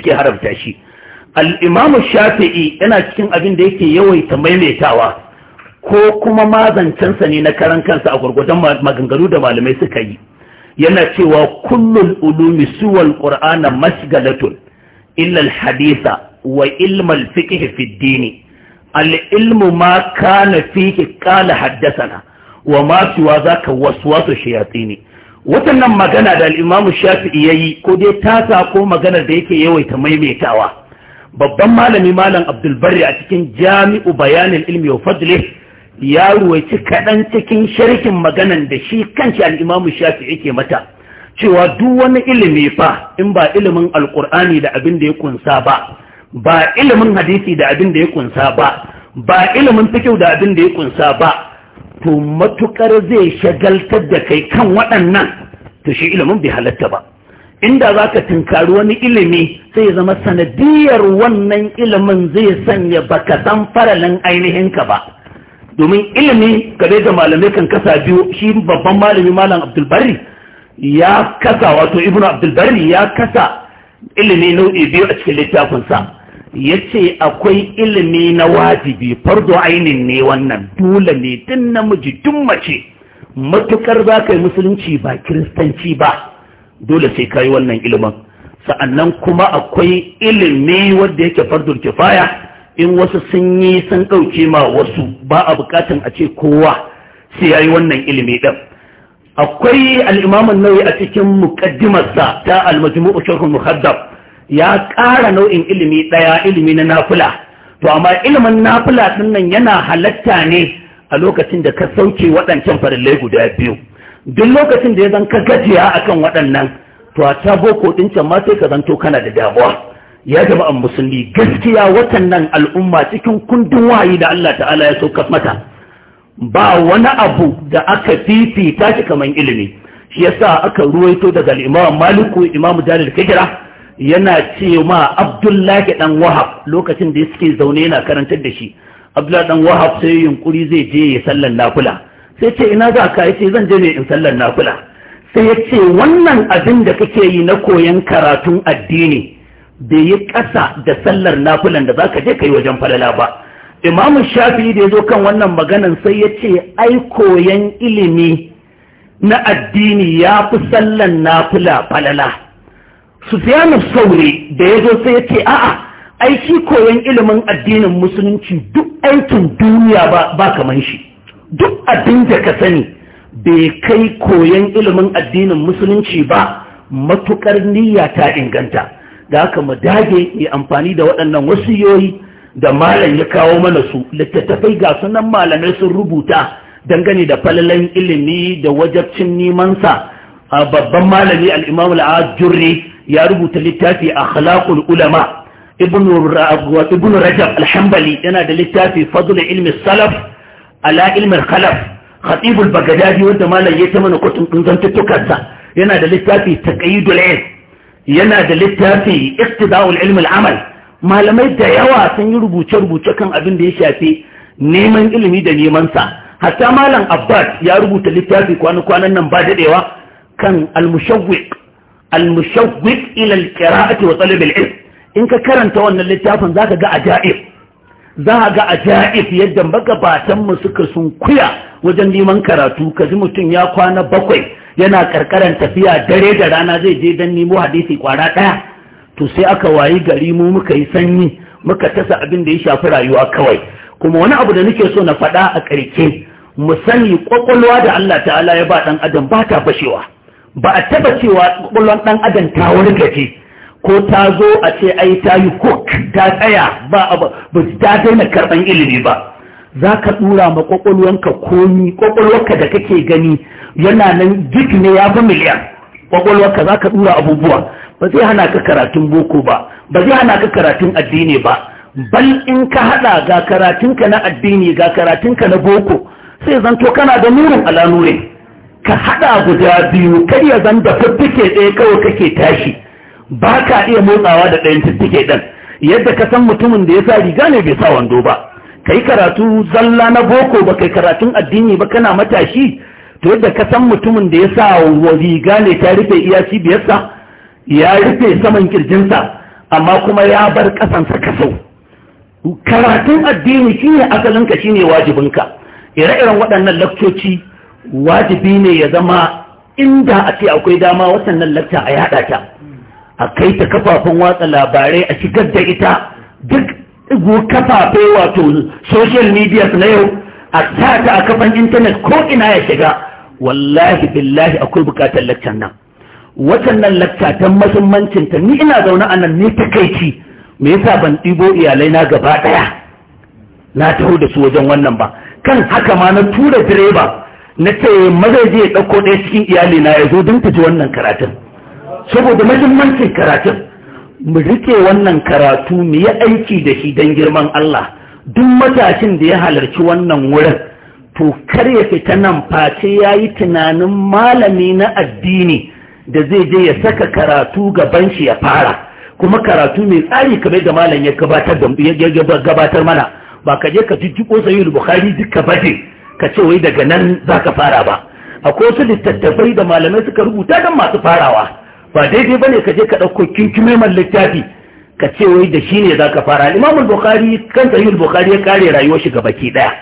suke haramta shi al'imamu shafi'i yana cikin abin da yake yawaita maimaitawa ko kuma mazancansa ne na karan kansa a gwargwadon maganganu da malamai suka yi yana cewa kullum ulumi suwal qur'ana masgalatun illa al-haditha wa ilmal al-fiqh al'ilmu ma kana fihi ƙala haddasana, wa za ka zaka waswasu shayatini watannan magana da al'imamu shafi'i ya yi ko dai tasa ko maganar da yake yawaita maimaitawa babban malami malam abdulbari a cikin jami'u bayanin ilmi wa fadle ya ruwaici kaɗan cikin sharkin maganan da shi kanshi al'imamu shafi'i yake mata cewa duk wani ilimi fa in ba ilimin alƙur'ani da abin da ya kunsa ba ba ilimin hadisi da abin da ya kunsa ba ba ilimin fikiu da abin da ya kunsa ba to matukar zai shagaltar da kai kan waɗannan to shi ilimin bai halatta ba inda za ka tunkari wani ilimi sai ya zama sanadiyar wannan ilimin zai sanya baka san faralin ainihin ka ba domin ilimi game da malamai kan kasa biyu shi babban malami malam abdulbari ya kasa wato ibnu abdulbari ya kasa ilimi nau'i biyu a cikin littafinsa Ya ce akwai ilimi na wajibi fardo ainihin ne wannan dole ne din namiji tun mace matukar za ka yi musulunci ba kiristanci ba dole sai ka yi wannan ilimin sa'annan kuma akwai ilimi wanda yake fardo kifaya in wasu sun yi sun ɗauke ma wasu ba a bukatan a ce kowa sai ya yi wannan ilimi ɗin akwai al'imamun nauyi a cikin mukaddimarsa ta almajmu'u sharhul muhaddab ya ƙara nau'in ilimi ɗaya ilimi na nafula to amma ilimin nafula ɗin nan yana halatta ne a lokacin da ka sauke waɗancan farillai guda biyu duk lokacin da ya zan ka gajiya a kan waɗannan to a ta boko ɗin can ma sai ka zanto kana da damuwa ya a musulmi gaskiya waɗannan al'umma cikin kundin wayi da Allah ta'ala ya sauka mata ba wani abu da aka fifita shi kamar ilimi shi yasa aka ruwaito daga imam maliku Imam Jalil Kijra yana ce ma abdullahi dan wahab lokacin da suke zaune yana karantar da shi abdullahi dan wahab sai yunkuri zai je ya sallan nafila sai ce ina za ka yace zan je ne in sallan nakula sai ya ce wannan abin da kake yi na koyan karatun addini bai yi ƙasa da sallar nafilan da za ka je kai wajen falala ba imamu shafi da ya zo kan wannan maganan sai ya ce ai koyan ilimi na addini ya fi sallan nafila falala sufiyanu saure da ya zo sai ya ce a'a aiki shi koyon ilimin addinin musulunci duk aikin duniya ba ba kaman shi duk abin da ka sani bai kai koyon ilimin addinin musulunci ba matukar niyya ta inganta da haka mu dage yi amfani da waɗannan wasu wasiyoyi da malam ya kawo mana su littattafai ga sunan malamai sun rubuta dangane da falalan ilimi da wajabcin nemansa a babban malami al'imamu al'ajurri ya rubuta littafi akhlaqul ulama ibn rajab alhambali yana da littafi fadl ilmi salaf ala ilmi khalaf khatibul bagadadi wanda malam ya ta mana kutun din yana da littafi taqyidul ilm yana da littafi iqtida'ul ilm amal. malamai da yawa sun yi rubuce rubuce kan abin da ya shafi neman ilimi da neman sa hatta malam abbas ya rubuta littafi kwanan kwanan nan ba dadewa kan al-mushawwiq al-mushawwiq ila al-qira'ati in ka karanta wannan littafin zaka ga ajaib za ga ajaib yadda magabatan mu suka sun kuya wajen neman karatu kaji mutum ya kwana bakwai yana karkaran tafiya dare da rana zai je dan nemo hadisi kwara ɗaya. to sai aka wayi gari mu muka yi sanyi muka tasa abin da ya shafi rayuwa kawai kuma wani abu da nake so na faɗa a ƙarke mu sani ƙwaƙwalwa da Allah ta'ala ya ba ɗan adam bata ta fashewa ba a taba cewa ƙwaƙwalwar ɗan adam ta wani gaji ko ta zo a ce ai ta yi kok ta tsaya ba a ba ta daina karɓan ilimi ba za ka ɗura ma kwakwalwanka komi da kake gani yana nan duk ne ya fi miliyan kwakwalwarka za ka ɗura abubuwa ba zai hana ka karatun boko ba ba zai hana ka karatun addini ba bal in ka haɗa ga karatunka na addini ga karatunka na boko sai zanto kana da nurin ala nurin ka haɗa guda biyu kar ya zan da fiffike ɗaya kawai kake tashi ba ka iya motsawa da ɗayan fiffike ɗan. yadda ka san mutumin da ya sa riga ne bai sa wando ba ka yi karatu zalla na boko ba kai karatun addini ba kana matashi to yadda ka san mutumin da ya sa wa riga ne ta rufe iya cibiyarsa ya rufe saman kirjinsa amma kuma ya bar ƙasansa kasau karatun addini shine asalinka shine wajibinka ire-iren waɗannan lakcoci wajibi ne ya zama inda a ce akwai dama watannan lakta a yada ta a kai ta kafafen watsa labarai a shigar da ita duk kafafe wato social media na yau a sa ta a kafan intanet ko ina ya shiga wallahi billahi akwai bukatar lakcan nan watannan lakta ta mahimmancinta ni ina zaune a nan ne ta takaici me yasa ban ɗibo iyalai na gaba ɗaya na taho da su wajen wannan ba kan haka ma na tura direba na ce mazaje ya ɗauko ɗaya cikin iyali na ya zo don ta ji wannan karatun saboda mahimmancin karatun mu rike wannan karatu mu yi aiki da shi don girman Allah duk matashin da ya halarci wannan wurin to kar ya fita nan face ya yi tunanin malami na addini da zai je ya saka karatu gaban shi ya fara kuma karatu mai tsari kamar da malam ya gabatar mana ba ka je ka jijjiko sayi bukhari duka ce. ka ce wai daga nan za ka fara ba akwai wasu littattafai da malamai suka rubuta don masu farawa ba daidai ba ne ka je ka ɗauko kinkimaiman littafi ka ce wai da shi ne za ka fara imamul bukari kan sahihul bukari ya kare rayuwar shi ga baki ɗaya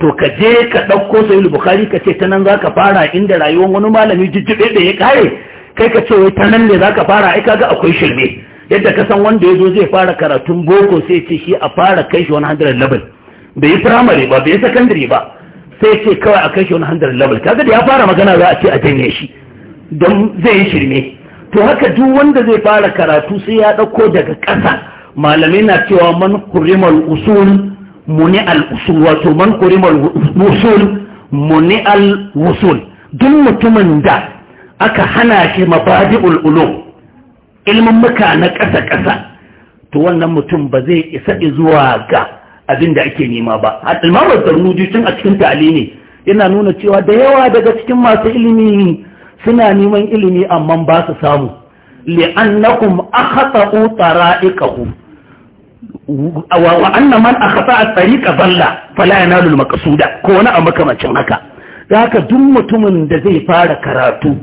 to ka je ka ɗauko sahihul bukari ka ce ta nan za ka fara inda rayuwar wani malami jijjiɓe da ya kare kai ka ce wai ta nan ne za ka fara ai ga akwai shirme yadda ka san wanda ya zo zai fara karatun boko sai ce shi a fara kai shi 100 level bai yi firamare ba bai yi sakandare ba sai ce kawai a kai shi wani handar level kaga da ya fara magana za a ce a janye shi don zai yi shirme to haka duk wanda zai fara karatu sai ya ɗauko daga ƙasa malamai na cewa man kurimar usul muni al usul wato man kurimar usul muni al usul duk mutumin da aka hana shi mabadi'ul ulum ilmin muka na ƙasa ƙasa to wannan mutum ba zai isa zuwa ga abin da ake nema ba al-imam zarnuji tun a cikin ne. yana nuna cewa da yawa daga cikin masu ilimi suna neman ilimi amma ba su samu li'annakum akhata'u tara'iqahu wa anna man akhata'a tariqa balla fala yanalu al-maqsuda ko wani a makamacin haka haka duk mutumin da zai fara karatu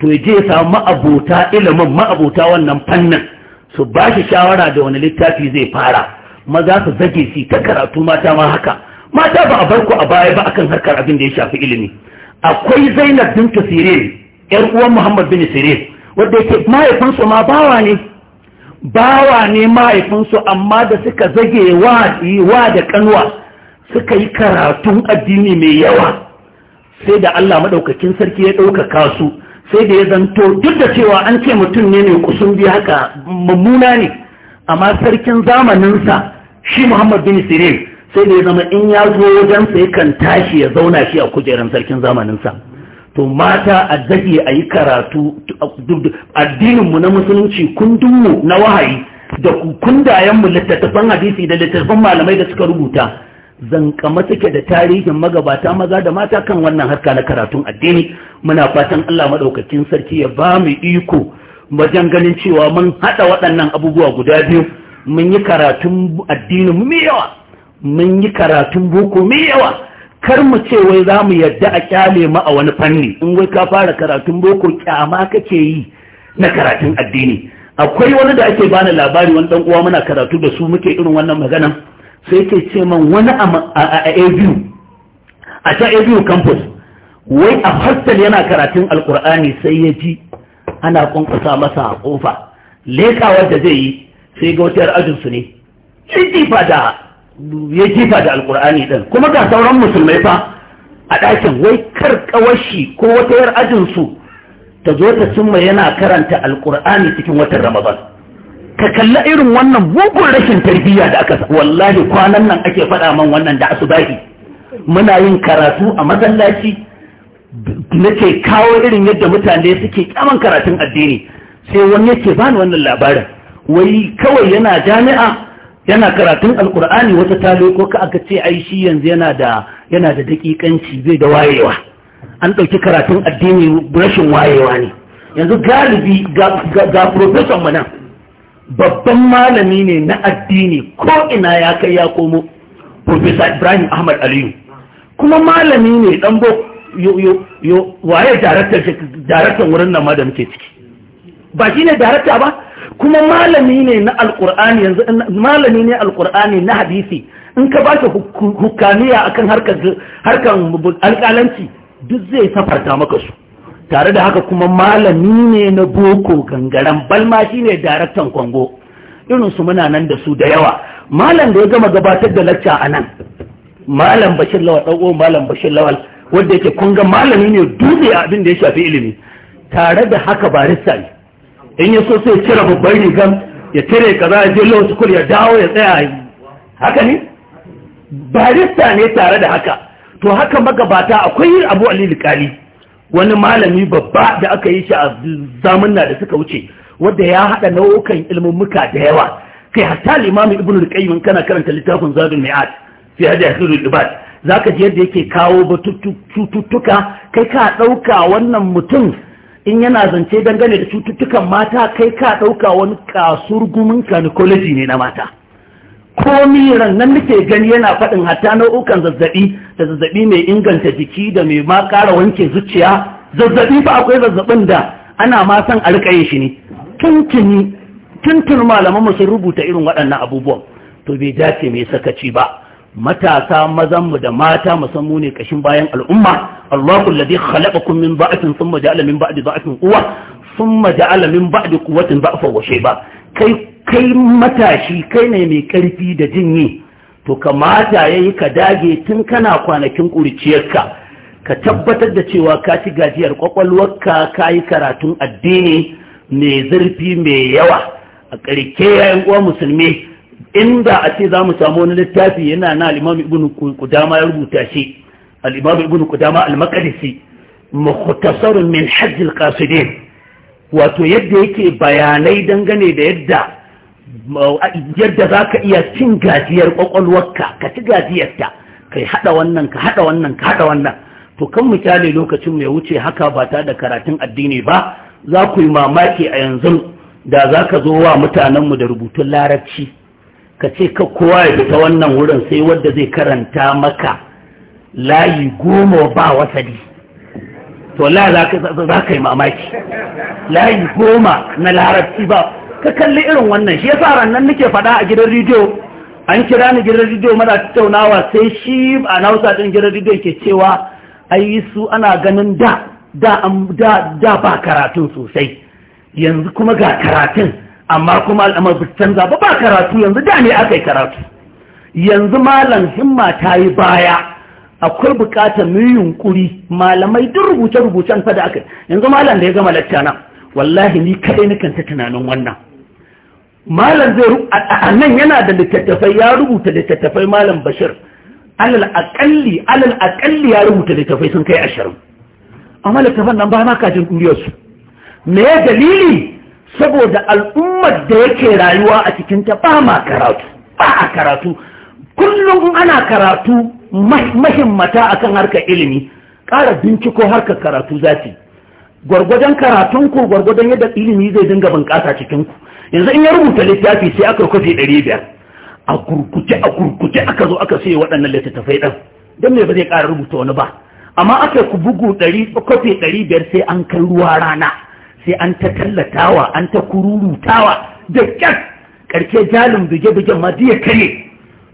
to je ya samu abota ilimin ma'abota wannan fannin su ba shi shawara da wani littafi zai fara maza su zage su ta karatu mata ma haka mata ba a bar ku a baya ba akan harkar abin da ya shafi ilimi akwai zainab bin tasirin yar uwan muhammad bin sirin wanda yake mahaifinsu ma bawa ne bawa ne mahaifinsu amma da suka zage wa da kanwa suka yi karatun addini mai yawa sai da Allah maɗaukacin sarki ya ɗaukaka su sai da ya zanto duk da cewa an ce mutum ne mai kusun bi haka mummuna ne amma sarkin zamaninsa shi muhammad bin sirin sai da ya zama in ya zo sai kan tashi ya zauna shi a kujerar sarkin zamaninsa to mata a dahi a yi karatu addininmu na musulunci kundinmu na wahayi da kundayenmu littattafan hadisi da littattafan malamai da suka rubuta zankama take da tarihin magabata maza da mata kan wannan harka na karatun addini muna fatan Allah madaukakin sarki ya ba mu iko wajen ganin cewa mun haɗa waɗannan abubuwa guda biyu mun yi karatun addinin mu yawa mun yi karatun boko mu yawa kar mu ce wai za mu yadda a kyale mu a wani fanni in wai ka fara karatun boko kyama kake yi na karatun addini akwai wani da ake bani labari wani dan uwa muna karatu da su muke irin wannan magana sai yake ce man wani a ABU a ta ABU campus wai a hostel yana karatun alkur'ani sai ya ji ana kunkusa masa ƙofa kofa lekawar da zai yi sai ga wata 'yar su ne ya jifa da alkur'ani ɗin kuma ga sauran musulmai fa a ɗakin wai karkawar shi ko wata yar ajin ta zo ta cimma yana karanta alkur'ani cikin watan ramadan ka kalla irin wannan mugun rashin tarbiyya da aka wallahi kwanan nan ake faɗa man wannan da asubahi muna yin karatu a masallaci Na ce kawo irin yadda mutane suke kyaman karatun addini sai wani yake bani wannan labarin wai kawai yana jami'a yana karatun alkur'ani wata talo ko ka aka ce ai shi yanzu yana da yana da dakikanci zai da wayewa an ɗauki karatun addini rashin wayewa ne yanzu galibi ga profesor mana. babban malami ne na addini ko ina ya kai ya komo professor ibrahim ahmad aliyu kuma malami ne dan boko waye daraktan wurin nan ma da muke ciki ba shi ne darakta ba kuma malami ne na alkur'ani yanzu malami ne alkur'ani na hadisi in ka ba ka hukamiya kan harkar alkalanci duk zai safarta maka su tare da haka kuma malami ne na boko gangaren balma shi ne daraktan kwango irinsu muna nan da su da yawa malam da ya gama gabatar da lacca a nan malam bashir lawal ɗauko malam bashir lawal wanda yake kun ga malami ne dutse a abin da ya shafi ilimi tare da haka barista ne in ya so sai cire babban rigan ya cire kaza ya je lawan sukul ya dawo ya tsaya yi haka ne barista ne tare da haka to haka magabata akwai abu ali likali wani malami babba da aka yi shi a zamanna da suka wuce wanda ya hada nau'ukan ilmummuka da yawa kai hatta limamin ibnu al-qayyim kana karanta littafin zadul mi'ad fi hadi ibad za ka ji yadda yake kawo cututtuka kai ka ɗauka wannan mutum in yana zance dangane da cututtukan mata kai ka ɗauka wani kasur gumin kanikoloji ne na mata komi nan nake gani yana faɗin hatta nau'ukan zazzaɓi da zazzaɓi mai inganta jiki da mai ma ƙara wanke zuciya zazzaɓi fa akwai zazzaɓin da ana ma san a riƙa yin shi ne tuntun malaman sun rubuta irin waɗannan abubuwan to bai dace mai sakaci ba matasa mazanmu da mata musammu ne kashin bayan al'umma Allahu alladhi khalaqakum min ba'tin thumma ja'ala min ba'di ba'tin quwwa thumma ja'ala min ba'di quwwatin ba'fa wa shayba kai kai matashi kai ne mai karfi da jinyi to kamata yayi ka dage tun kana kwanakin kuriciyarka ka tabbatar da cewa ka ci gajiyar kwakwalwarka ka yi karatun addini mai zurfi mai yawa a ƙarke yayin uwa musulmi inda a ce za mu samu wani littafi yana na al'imam ibn kudama ya rubuta shi al'imam ibn kudama al makadisi mukhtasarun min hajjil qasidin wato yadda yake bayanai dangane da yadda yadda za ka iya cin gajiyar kwakwalwarka ka ci gajiyarta ka haɗa wannan ka haɗa wannan ka haɗa wannan to kan misali lokacin mai wuce haka ba ta da karatun addini ba za ku yi mamaki a yanzu da za ka zo wa mutanenmu da rubutun larabci ka ce ka kowa ya fita wannan wurin sai wadda zai karanta maka layi goma ba wasadi to la za ka yi mamaki layi goma na larabci ba ka kalli irin wannan shi yasa rannan nake faɗa a gidan rediyo an kira ni gidan rediyo mana tattaunawa sai shi a nausa ɗin gidan rediyo ke cewa ayi su ana ganin da da ba karatun sosai yanzu kuma ga karatun amma kuma al'amar ba canza ba ba karatu yanzu da ne aka yi karatu yanzu malam himma ta yi baya akwai bukatar mai yunkuri malamai duk rubuce-rubucen fa da aka yanzu malam da ya gama lacca na wallahi ni kadai nakan ta tunanin wannan malam zai a nan yana da littattafai ya rubuta littattafai malam bashir alal akalli alal akalli ya rubuta littattafai sun kai ashirin amma littattafan nan ba na kajin kuriyarsu me ya dalili saboda al'ummar da yake rayuwa a cikinta ba ma karatu ba a karatu kullum ana karatu mahimmata akan harkar ilimi ƙara binciko harkar karatu zafi gwargwadon karatunku gwargwadon yadda ilimi zai dinga bunƙasa cikinku yanzu in ya rubuta littafi sai aka kwafi ɗari biyar a gurguje a gurguje aka zo aka sai waɗannan littattafai ɗan don me ba zai ƙara rubuta wani ba amma aka ku bugu ɗari kwafi ɗari biyar sai an kai ruwa rana sai an ta tallatawa an ta kururutawa da kyar karke jalin buge-bugen ma ya kare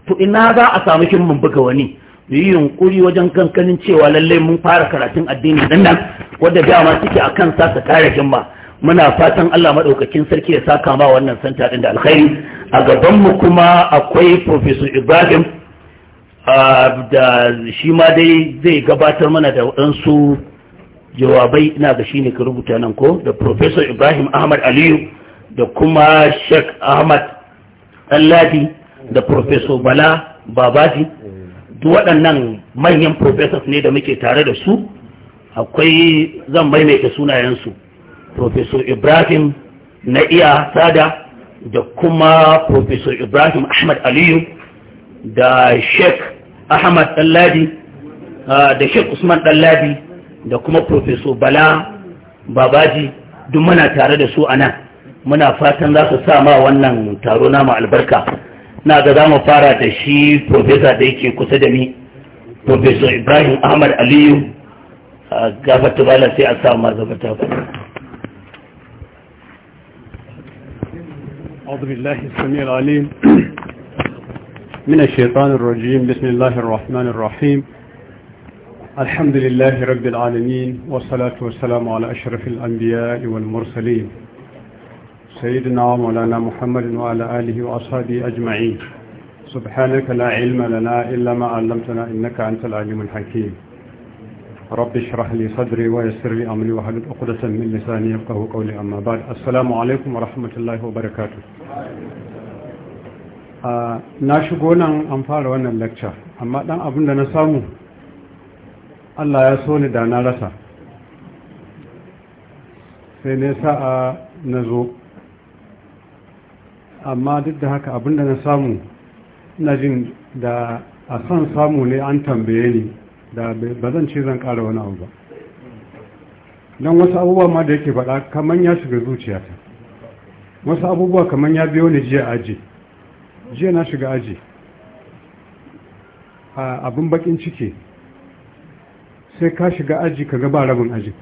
to ina za a samu mun buga wani yi yunkuri wajen kankanin cewa lallai mun fara karatun addini nan nan wadda ma suke a kan sasa kare himma muna fatan Allah madaukakin sarki ya saka ma wannan santa din da alkhairi a gaban mu kuma akwai professor Ibrahim ah, da shi ma dai zai gabatar mana da wadansu. jawabai ina ga shine ka rubuta nan ko da professor Ibrahim Ahmad Aliyu da kuma Sheikh Ahmad ɗanladi da professor Bala Babaji duk waɗannan manyan professors ne da muke tare da su akwai zan maimaita sunayensu professor Ibrahim na iya sada da kuma professor Ibrahim Ahmad Aliyu da Sheikh Ahmad Alladi ah, da Sheikh Usman ɗanladi da kuma professor bala babaji duk muna tare da su a nan muna fatan za su sa ma wannan taro namu albarka na ga za mu fara da shi profesa da yake kusa da ni professor ibrahim ahmad aliyu a gafata bala sai a sa ma gafata ta أعوذ بالله السميع العليم من الشيطان الرجيم بسم الله الرحمن الرحيم الحمد لله رب العالمين والصلاة والسلام على أشرف الأنبياء والمرسلين سيدنا ومولانا محمد وعلى آله وأصحابه أجمعين سبحانك لا علم لنا إلا ما علمتنا إنك أنت العليم الحكيم رب اشرح لي صدري ويسر لي أمري وحدد عقدة من لساني يفقه قولي أما بعد السلام عليكم ورحمة الله وبركاته na shigo nan an fara wannan lecture amma dan abin da na samu Allah ya so ni da na rasa sai ne sa'a na zo amma duk da haka abinda na samu na jin da a son samu ne an tambaye ni da ba zan ce zan ƙara wani abu ba don wasu abubuwa ma da yake faɗa kamar ya shiga zuciyata wasu abubuwa kamar ya biyo ni jiya aji jiya na shiga aji abin bakin ciki sai ka shiga aji ka gaba rabin aji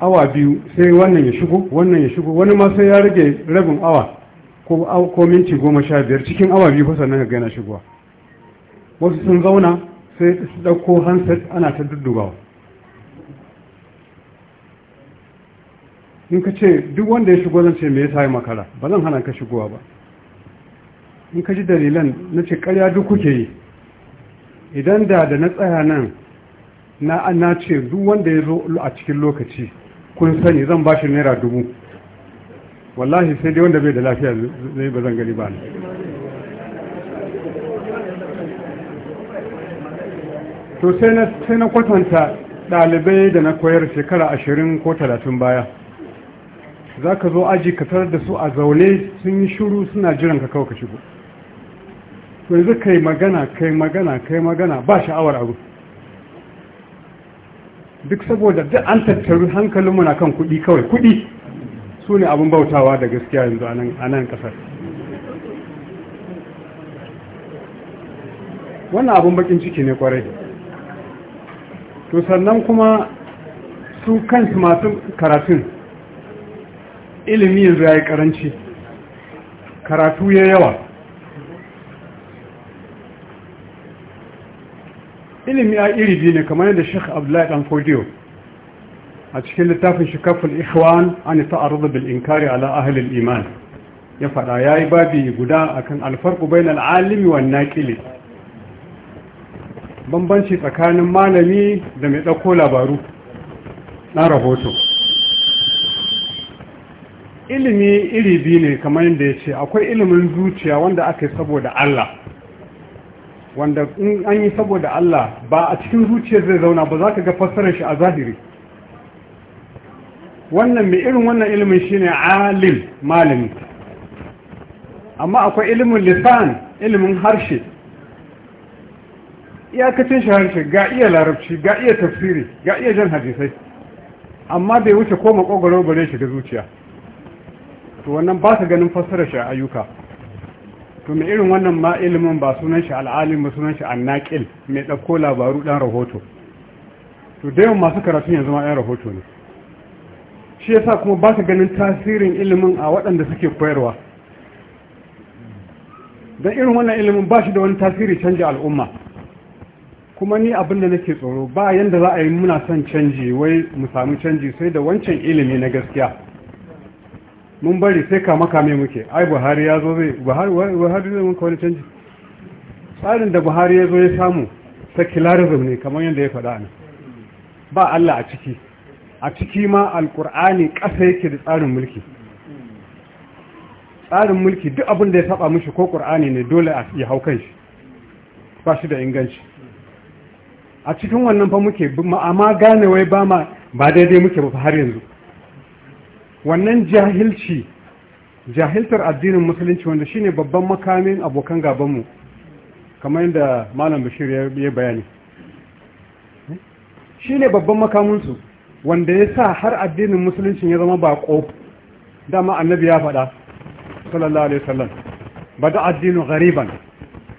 awa biyu sai wannan ya shigo wannan ya shigo wani ma sai ya rage rabin awa ko minti goma sha biyar cikin awa biyu fa sannan ga yana shigowa wasu sun zauna sai su ɗauko handset ana ta duddubawa in ka ce duk wanda ya shigo zan ce me yasa ya makara ba zan hana ka shigowa ba in ka ji dalilan na ce karya duk kuke yi idan da da na tsaya nan na na ce duk wanda ya zo a cikin lokaci kun sani zan ba shi naira dubu wallahi sai dai wanda bai da lafiya zai ba zan gani ba ne to sai na kwatanta ɗalibai da na koyar shekara ashirin ko talatin baya za ka zo aji ka tarar da su a zaune sun yi shuru suna jiran ka kawo ka shigo to yanzu kai magana kai magana kai magana ba sha'awar abu duk saboda duk an tattaru hankalin muna kan kuɗi kawai kuɗi su ne abin bautawa da gaskiya yanzu a nan ƙasar wannan abin bakin ciki ne kwarai to sannan kuma su kansu masu karatun ilimin yanzu ya yi karanci karatu ya yawa ilimi a iri biyu ne kamar yadda Sheikh Abdullahi Dan Fodiyo a cikin littafin Shikafan Ikhwan an ta'arud bil inkari ala ahalil iman ya fada yi babi guda akan alfarku bai na al'alimi wan naqili bambanci tsakanin malami da mai ɗauko labaru na rahoto ilimi iri biyu ne kamar yadda ya ce akwai ilimin zuciya wanda aka yi saboda Allah wanda in an yi saboda Allah ba a cikin zuciyar zai zauna ba za ka ga fassarar shi a zahiri wannan mai irin wannan ilimin shine alim malami amma akwai ilimin lisan ilimin harshe iyakacin shi harshe ga iya larabci ga iya tafsiri ga iya jan hadisai amma bai wuce koma makogoro bare shi ga zuciya to wannan ba ka ganin fassarar shi a ayyuka to mai irin wannan ma ilimin ba sunan shi al'alim ba sunan shi annakil mai ɗauko labaru ɗan rahoto to da yawan masu karatu yanzu ma ɗan rahoto ne shi yasa kuma ba ka ganin tasirin ilimin a waɗanda suke koyarwa don irin wannan ilimin ba shi da wani tasiri canja al'umma kuma ni abin da nake tsoro ba yanda za a yi muna son canji wai mu samu canji sai da wancan ilimi na gaskiya mun bari sai kama kame muke ai buhari ya zo zai buhari zai muka wani canji tsarin da buhari ya zo ya samu secularism ne kamar yadda ya faɗa ne ba allah a ciki a ciki ma alkur'ani ƙasa yake da tsarin mulki tsarin mulki duk abin da ya saba mushi ko ƙur'ani ne dole ya hau kan shi ba shi da inganci a cikin wannan fa muke ma gane wai ba ma ba daidai muke ba har yanzu wannan jahilci jahiltar addinin musulunci wanda shine babban makamin abokan gabanmu kamar yadda malam bashir ya bayani shine babban makaminsu wanda ya sa har addinin musulunci ya zama bako dama annabi ya faɗa sallallahu alaihi wasallam bada addinu ghariban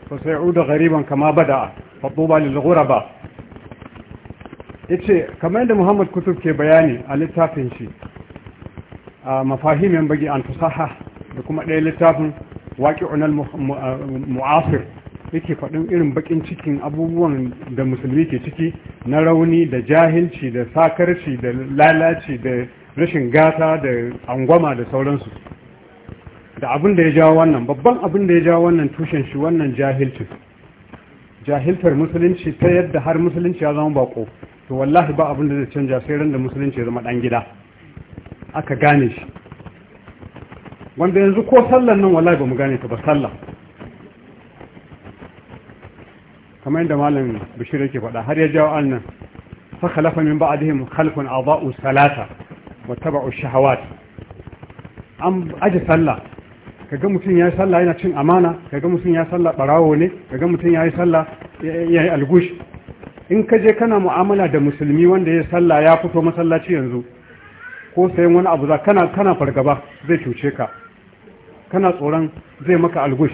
fa sayudu ghariban kama bada fa tuba lil ghuraba yace kamar yadda Muhammad Kutub ke bayani a littafin shi mafahim yan bagi an tusaha da kuma ɗaya littafin waƙi'unan mu'asir yake faɗin irin baƙin cikin abubuwan da musulmi ke ciki na rauni da jahilci da sakarci da lalaci da rashin gata da angwama da sauransu da abin da ya jawo wannan babban abin da ya jawo wannan tushen shi wannan jahilcin jahiltar musulunci ta yadda har musulunci ya zama bako to wallahi ba abin da zai canja sai ran da musulunci ya zama ɗan gida aka gane shi wanda yanzu ko sallan nan wallahi ba mu gane ta ba sallah kamar yadda malam bishir yake faɗa har ya jawo annan fa khalafa min ba'dihim khalfun adaa'u salata wa tabu shahawat an aje sallah kaga mutum yayi sallah yana cin amana kaga mutum yayi sallah barawo ne kaga mutum yayi sallah yayi algush in ka je kana mu'amala da musulmi wanda ya sallah ya fito masallaci yanzu ko sayan wani abu za kana kana fargaba zai cuce ka kana tsoron zai maka algush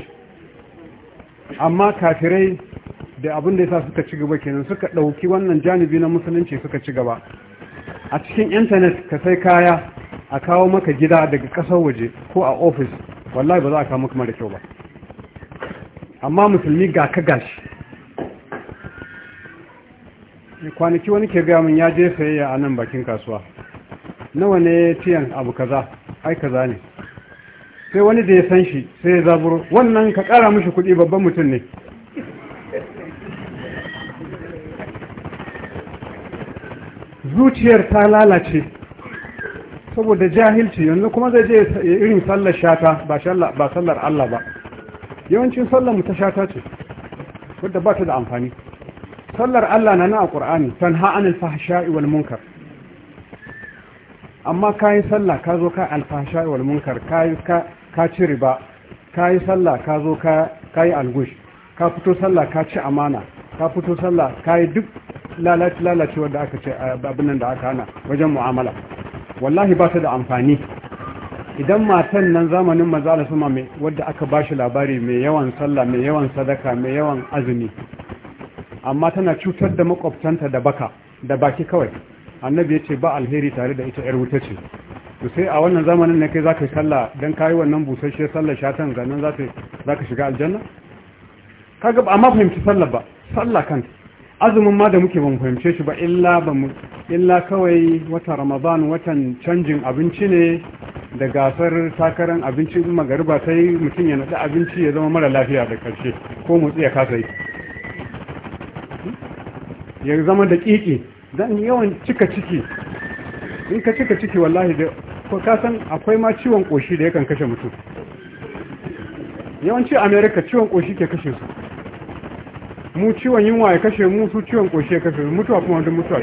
amma kafirai da abin da sa suka ci gaba kenan suka ɗauki wannan janibi na musulunci suka ci gaba a cikin intanet ka sai kaya a kawo maka gida daga kasar waje ko a ofis wallahi ba za a kawo maka mara kyau ba amma musulmi ga ka gashi kwanaki wani ke gaya min ya je sayayya a nan bakin kasuwa nawa ne tiyan abu kaza ai kaza ne sai wani da ya san shi sai ya zaburo wannan ka kara mishi kuɗi babban mutum ne zuciyar ta lalace saboda jahilci yanzu kuma zai je irin sallar shata ba sallar Allah ba yawancin sallar mu ta shata ce wadda ba ta da amfani sallar Allah na na a ƙur'ani tanha anil fahsha'i wal munkar amma ka yi sallah ka zo ka alfasha wal munkar ka ci riba ka yi sallah ka zo ka yi algush ka fito sallah ka ci amana ka fito sallah ka yi duk lalace lalace wanda aka ce eh, abinan da aka hana wajen mu'amala wallahi ba ta da amfani idan matan nan zamanin maza mazala sama mai wadda aka ba shi labari mai yawan sallah mai yawan sadaka mai yawan azumi amma tana cutar da makwabtanta da baka da baki kawai annabi ya ce ba alheri tare da ita 'yar wuta ce to sai a wannan zamanin ne kai za ka yi sallah don ka wannan busasshe sallah shatan nan za ka shiga aljanna kaga ba amma fahimci sallah ba sallah kan azumin ma da muke ba fahimce shi ba illa kawai wata ramadan watan canjin abinci ne da gasar takaran abinci magariba ta yi mutum ya naɗi abinci ya zama mara lafiya da ƙarshe ko motsi ya kasa yi ya zama da ƙiƙi dan yawan cika ciki in ka cika ciki wallahi da ko ka san akwai ma ciwon koshi da yakan kashe mutum yawanci america ciwon koshi ke kashe su mu ciwon yunwa ya kashe mu su ciwon koshi ya kashe mutuwa kuma wanda a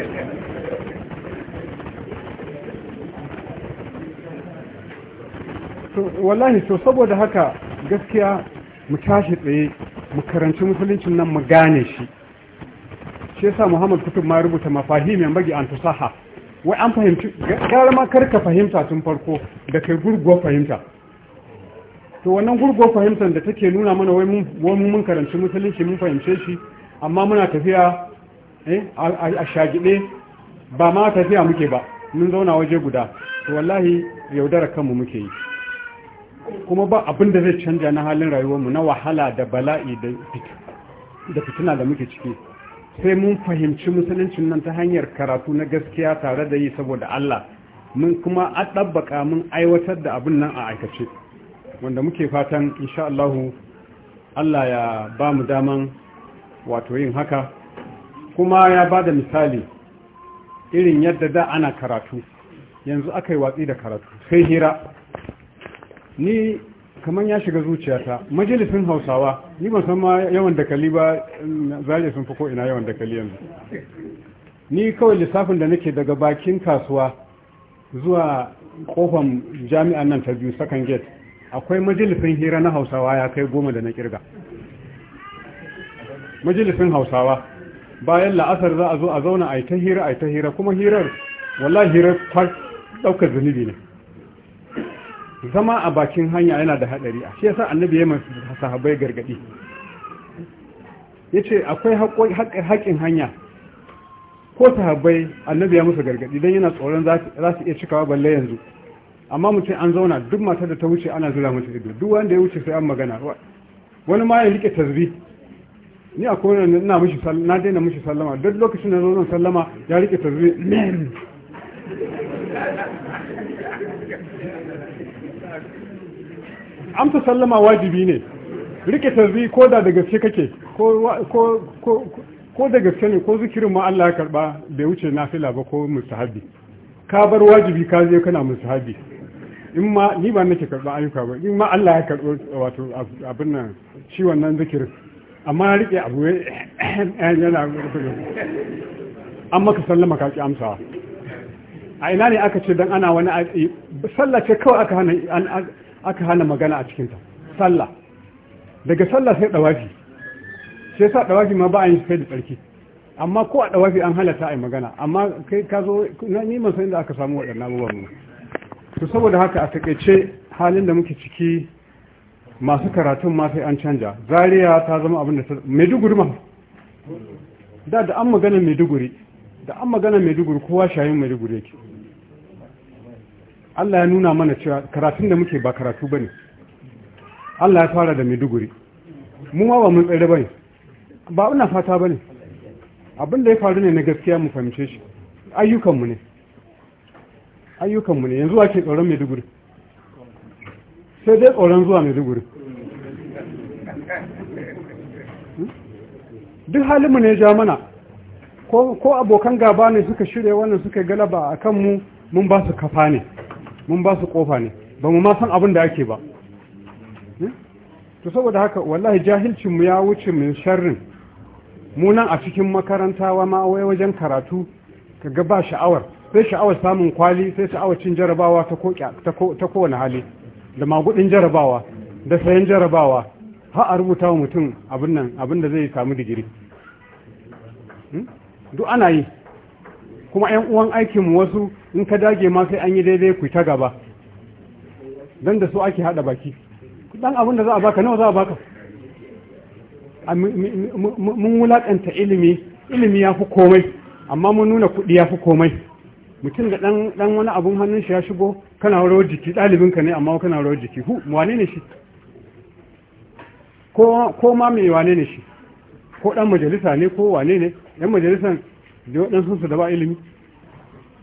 ce wallahi so saboda haka gaskiya mu tashi tsaye mu karanci musuluncin nan mu gane shi shi yasa Muhammad Kutub ma rubuta mafahim bagi an tusaha wai an fahimci gara ma karka fahimta tun farko da kai gurguwa fahimta to wannan gurguwa fahimtar da take nuna mana wai mun mun karanci musulunci mun fahimce shi amma muna tafiya eh a shagide ba ma tafiya muke ba mun zauna waje guda to wallahi yaudara kanmu muke yi kuma ba abin da zai canja na halin rayuwarmu na wahala da bala'i da fitina da muke ciki sai mun fahimci musuluncin nan ta hanyar karatu na gaskiya tare da yi saboda Allah mun kuma a ɗabbaƙa mun aiwatar da abin nan a aikace wanda muke fatan insha Allahu Allah ya ba mu daman wato yin haka kuma ya ba da misali irin yadda da ana karatu yanzu aka yi watsi da karatu sai hira ni kamar ya shiga zuciyata majalisin hausawa ni ban san ma yawan dakali ba zare sun fi ko ina yawan dakali yanzu ni kawai lissafin da nake daga bakin kasuwa zuwa kofan jami'an nan ta biyu second gate akwai majalisin hira na hausawa ya kai goma da na kirga majalisin hausawa bayan la'asar za a zo a zauna a ta hira a ta hira kuma hirar wallahi hirar ɗaukar zunubi ne zama a bakin hanya yana da haɗari a shi yasa annabi ya sahabbai gargadi ya ce akwai haƙin hanya ko sahabbai annabi ya musu gargadi don yana tsoron za su iya cikawa balle yanzu amma mutum an zauna duk matar da ta wuce ana zura mata ido duk wanda ya wuce sai an magana wani ma ya rike tazbi ni akwai wani na mishi na daina mishi sallama duk lokacin da zo sallama ya rike tazbi amsa sallama wajibi ne rike tarbi ko da da gaske kake ko da gaske ne ko zikirin ma Allah ya karba bai wuce nafila ba ko mustahabi ka bar wajibi ka je kana mustahabi in ma ni ba nake karba ayyuka ba in ma Allah ya karbo wato abin nan shi wannan zikirin amma rike abu eh, eh, eh, yana amma ka sallama ka ki amsawa a ina ne aka ce dan ana wani sallace kawai aka hana aka hana magana a cikinta sallah daga sallah sai dawafi sai sa dawafi ma ba a yin sai da tsarki amma ko a dawafi an halatta a yi magana amma kai ka zo ni man san da aka samu waɗannan abubuwan mu to saboda haka a takaice halin da muke ciki masu karatun ma sai an canja zaria ta zama abin da ta maiduguri ma da da an magana maiduguri da an magana maiduguri kowa shayin maiduguri yake Allah ya nuna mana cewa karatun da muke ba karatu bane Allah ya fara da Maiduguri mu ma ba mun tsere bane ba ina fata bane abin da ya faru ne na gaskiya mu fahimce shi ayyukanmu ne ayyukanmu ne yanzu ake tsoron Maiduguri sai dai tsoron zuwa Maiduguri duk halin mu ne ja mana ko abokan gaba ne suka shirya wannan suka galaba a kanmu mun ba su kafa ne mun ba su kofa ne ba mu ma san abin da ake ba hmm? to saboda haka wallahi jahilcin mu ya wuce min sharrin mu nan a cikin makarantawa ma wai wajen karatu kaga ba sha'awar sai sha'awar samun kwali sai sha'awar cin jarabawa ta kowane hali da magudin jarabawa da sayan jarabawa har a rubuta wa mutum abin nan abin da zai samu digiri hmm? duk ana yi kuma 'yan uwan aikinmu wasu in ka dage ma sai an yi daidai ku ta gaba don da su ake hada baki dan abin da za a baka nawa za a baka mun wulakanta ilimi ilimi ya fi komai amma mun nuna kuɗi ya fi komai mutum da dan wani abun hannun shi ya shigo kana rawar jiki ɗalibinka ne amma kana rawar jiki hu wane ne shi ko ma mai wane ne shi ko dan majalisa ne ko wane ne yan majalisan da waɗansu su da ba ilimi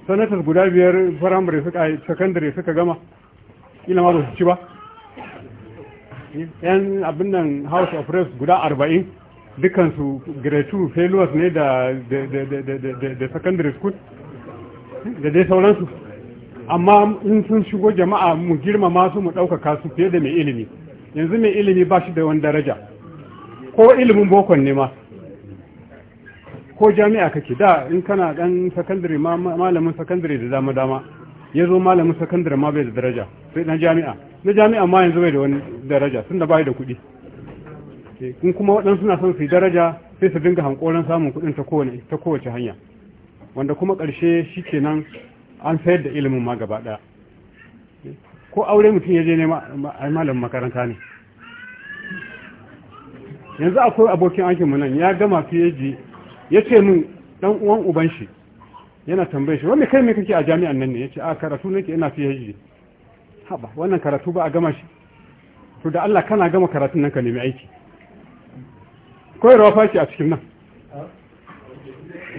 sanatar guda biyar firamare suka sakandare suka gama ila ma su ci ba yan abin nan house of reps guda arba'in dukansu grade 2 ne da da secondary school da dai sauransu amma in sun shigo jama'a mu girmama su mu ɗaukaka su fiye da mai ilimi yanzu mai ilimi ba shi da wani daraja ko ilimin bokon ne ma ko jami'a kake da in kana dan sakandare malamin sakandare da dama dama ya zo malamin sakandare ma bai da daraja sai na jami'a na jami'a ma yanzu bai da wani daraja tun da bai da kuɗi eh, in kuma waɗansu suna son su yi daraja sai su dinga hankoran samun kuɗin ta kowace hanya wanda kuma karshe shi kenan an sayar da ilimin ma gaba ɗaya ko aure mutum ya je ne malamin makaranta ne yanzu akwai abokin aikinmu nan ya gama PhD Ya ce min dan uwan uban shi yana tambaye shi wanda kai me kake a jami'an nan ne yace a karatu nake ina PhD haba wannan karatu ba a gama shi to da Allah kana gama karatun nan ka nemi aiki koyarwa fashi a cikin nan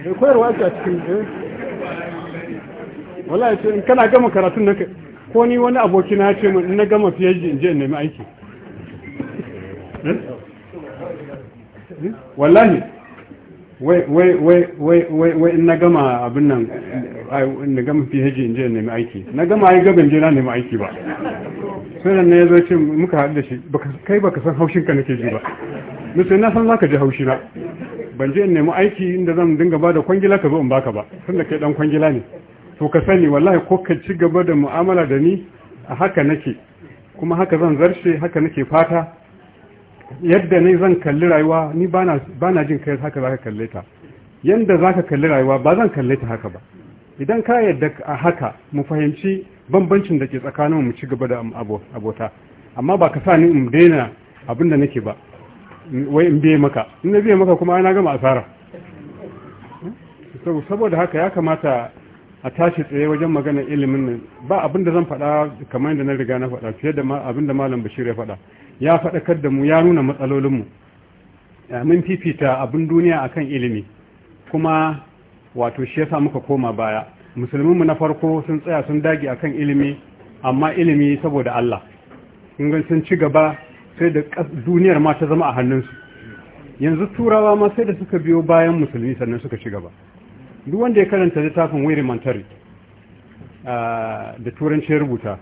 eh, koyarwa fashi a cikin eh. wallahi ce kana gama karatun nan ko ni wani aboki na ce in na gama PhD in je in nemi aiki eh? wallahi wai in na gama abin nan na gama phd in je nemi aiki na gama ai gaban je na nemi aiki ba sai na ya zo ce muka haɗu da shi kai baka san haushin ka nake ji ba sai na san zaka ji haushi na ban je in nemi aiki inda zan dinga bada kwangila ka zo in baka ba tunda kai dan kwangila ne to ka sani wallahi ko ka ci gaba da mu'amala da ni a haka nake kuma haka zan zarce haka nake fata yadda ne zan kalli rayuwa ni ba na jin kai haka za ka kalli ta yadda za ka kalli rayuwa ba zan kalli ta haka ba idan ka yadda a haka mu fahimci bambancin da ke tsakanin mu ci gaba da abota amma ba ka sa ni in daina abin da nake ba wai in biye maka in na biye maka kuma ana gama asara saboda haka ya kamata a tashi tsaye wajen magana ilimin nan ba abin da zan faɗa kamar yadda na riga na faɗa fiye da abin da malam bashir ya faɗa ya faɗakar da mu ya nuna matsalolinmu mun fifita abin duniya akan ilimi kuma wato shi yasa muka koma baya musulminmu na farko sun tsaya sun dage akan ilimi amma ilimi saboda Allah ingan sun ci gaba sai da duniyar ma ta zama a hannunsu yanzu turawa ma sai da suka biyo bayan musulmi sannan suka ci gaba duk wanda ya karanta littafin wiri mantari ah, da turanci ya rubuta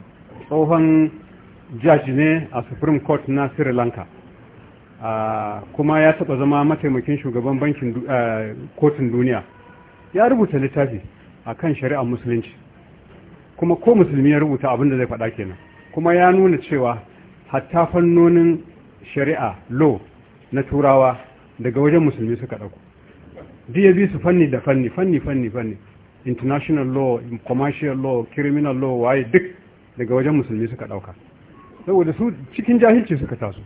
tsohon judge ne a supreme court na sri lanka kuma ya taba zama mataimakin shugaban bankin kotun duniya ya rubuta littafi a kan shari'ar musulunci kuma ko musulmi ya rubuta abin da zai faɗa kenan kuma ya nuna cewa hatta fannonin shari'a law na turawa daga wajen musulmi suka ɗauko ya bi su fanni da fanni fanni fanni fanni international law commercial law criminal law waye duk daga wajen musulmi suka ɗauka saboda su cikin jahilci suka taso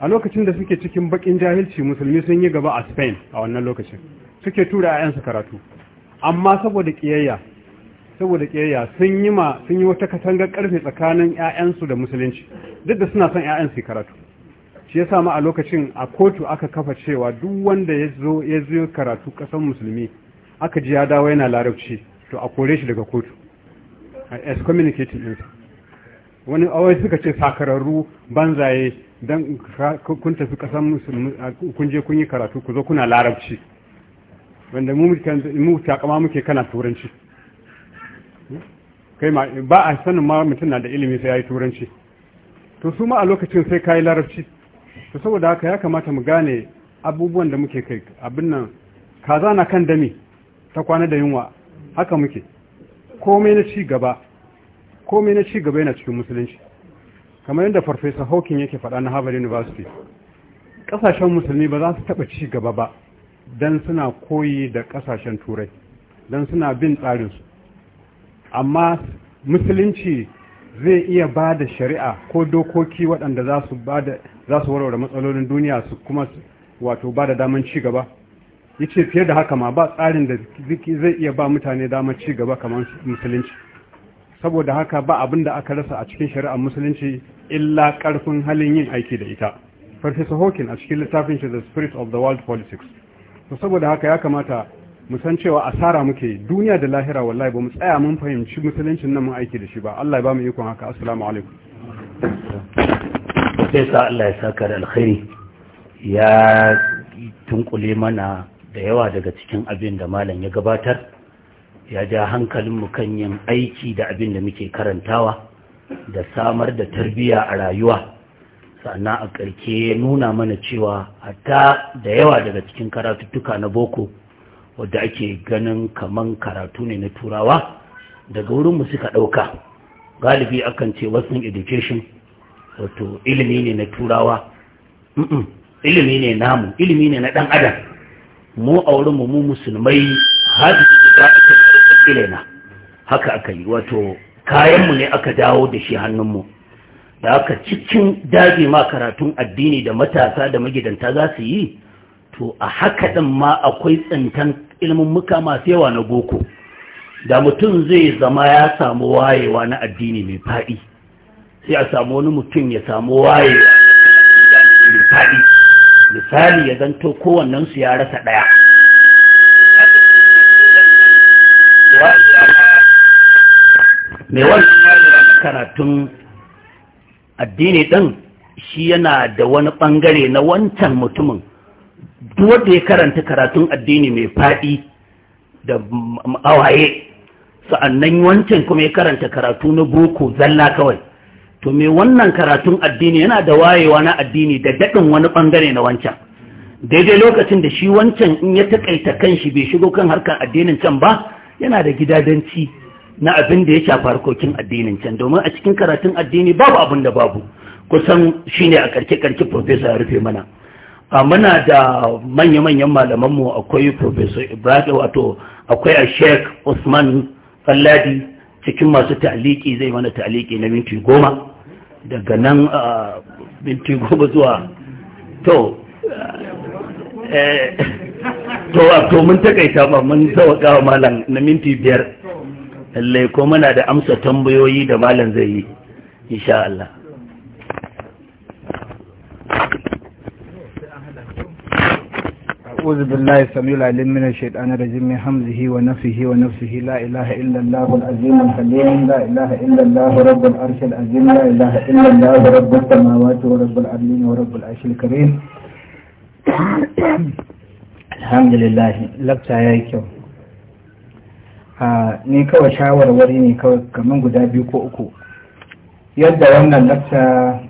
a lokacin da suke cikin bakin jahilci musulmi sun yi gaba a spain a wannan lokacin suke tura 'ya'yansu karatu amma saboda kiyayya saboda kiyayya sun yi ma sun yi wata katangar karfe tsakanin 'ya'yansu da musulunci duk da suna son 'ya'yansu karatu shi yasa ma a lokacin a kotu aka kafa cewa duk wanda ya zo ya zo karatu kasan musulmi aka ji ya dawo yana larabci to a kore shi daga kotu excommunicating ɗinsa wani awai suka ce sakararru banzaye don kun tafi kasan kun je kun yi karatu ku zo kuna larabci wanda mu takama muke kana turanci kai ma ba a sanin ma mutum na da ilimi sai ya yi turanci to su ma a lokacin sai ka yi larabci to saboda haka ya kamata mu gane abubuwan da muke kai abin nan kaza na kan dami ta kwana da yunwa haka muke komai na ci gaba komai na ci gaba yana cikin musulunci kamar yadda farfesa hawking yake faɗa na harvard university ƙasashen musulmi ba za su taɓa ci gaba ba don suna koyi da ƙasashen turai don suna bin tsarinsu amma musulunci zai iya ba da shari'a ko dokoki waɗanda za su warware matsalolin duniya su kuma wato ba da daman cigaba ya ce fiye da haka ma ba tsarin da zai iya ba mutane damar cigaba kamar musulunci saboda haka ba abin da aka rasa a cikin shari'ar musulunci illa ƙarfin halin yin aiki da ita farfesa hawking a cikin littafin shi the spirit of the world politics to saboda haka ya kamata mu san cewa asara muke duniya da lahira wallahi ba mu tsaya mun fahimci musuluncin nan mun aiki da shi ba Allah ya ba mu ikon haka assalamu alaikum sai Allah ya saka da alkhairi ya tunkule mana da yawa daga cikin abin da malam ya gabatar ya ja hankalinmu kan yin aiki da abin da muke karantawa da samar da tarbiyya a rayuwa sannan a ƙarke nuna mana cewa hatta da yawa daga cikin karatuttuka na boko wadda ake ganin kaman karatu ne na turawa daga wurinmu suka ɗauka galibi akan ce wasu education wato ilimi ne na turawa ilimi ne namu ilimi ne na ɗan adam mu a wurinmu mu musulmai hadisi da aka na haka aka yi wato kayanmu ne aka dawo da shi hannunmu da aka cikin daji ma karatun addini da matasa da magidanta za su yi to a haka ɗin ma akwai tsintan ilmummuka masu yawa na boko da mutum zai zama ya samu wayewa na addini mai faɗi sai a samu wani mutum ya samu wayewa mai faɗi misali ya zanto kowannensu ya rasa ɗaya mai wannan karatun addini ɗin shi yana da wani ɓangare na wancan mutumin wanda ya karanta karatun addini mai faɗi da awaye sa'annan wancan kuma ya karanta karatu na boko zalla kawai to mai wannan karatun addini yana da wayewa na addini da daɗin wani ɓangare na wancan daidai lokacin da shi wancan in ya taƙaita kan shi bai shigo kan harkar addinin can ba yana da gidadanci na abin da ya shafi harkokin addinin can domin a cikin karatun addini babu abin da babu kusan shi ne a karke-karke profesa ya rufe mana A muna da manya-manyan malamanmu akwai profesa ibrahim wato akwai a sheik usman falladi cikin masu taliki zai mana taliki na minti goma daga nan minti goma zuwa eh, to to mun takaita ba mun zawa gawa malam na minti biyar lallai ko muna da amsa tambayoyi da malam zai yi insha Allah أعوذ بالله السميع العليم من الشيطان الرجيم من همزه ونفسه ونفسه لا إله إلا الله العظيم الحليم لا إله إلا الله رب العرش العظيم لا إله إلا الله رب السماوات ورب العالمين ورب العرش الكريم الحمد لله لك يا ni kawai shawarwari ne kawai kamar guda biyu ko uku yadda wannan lakta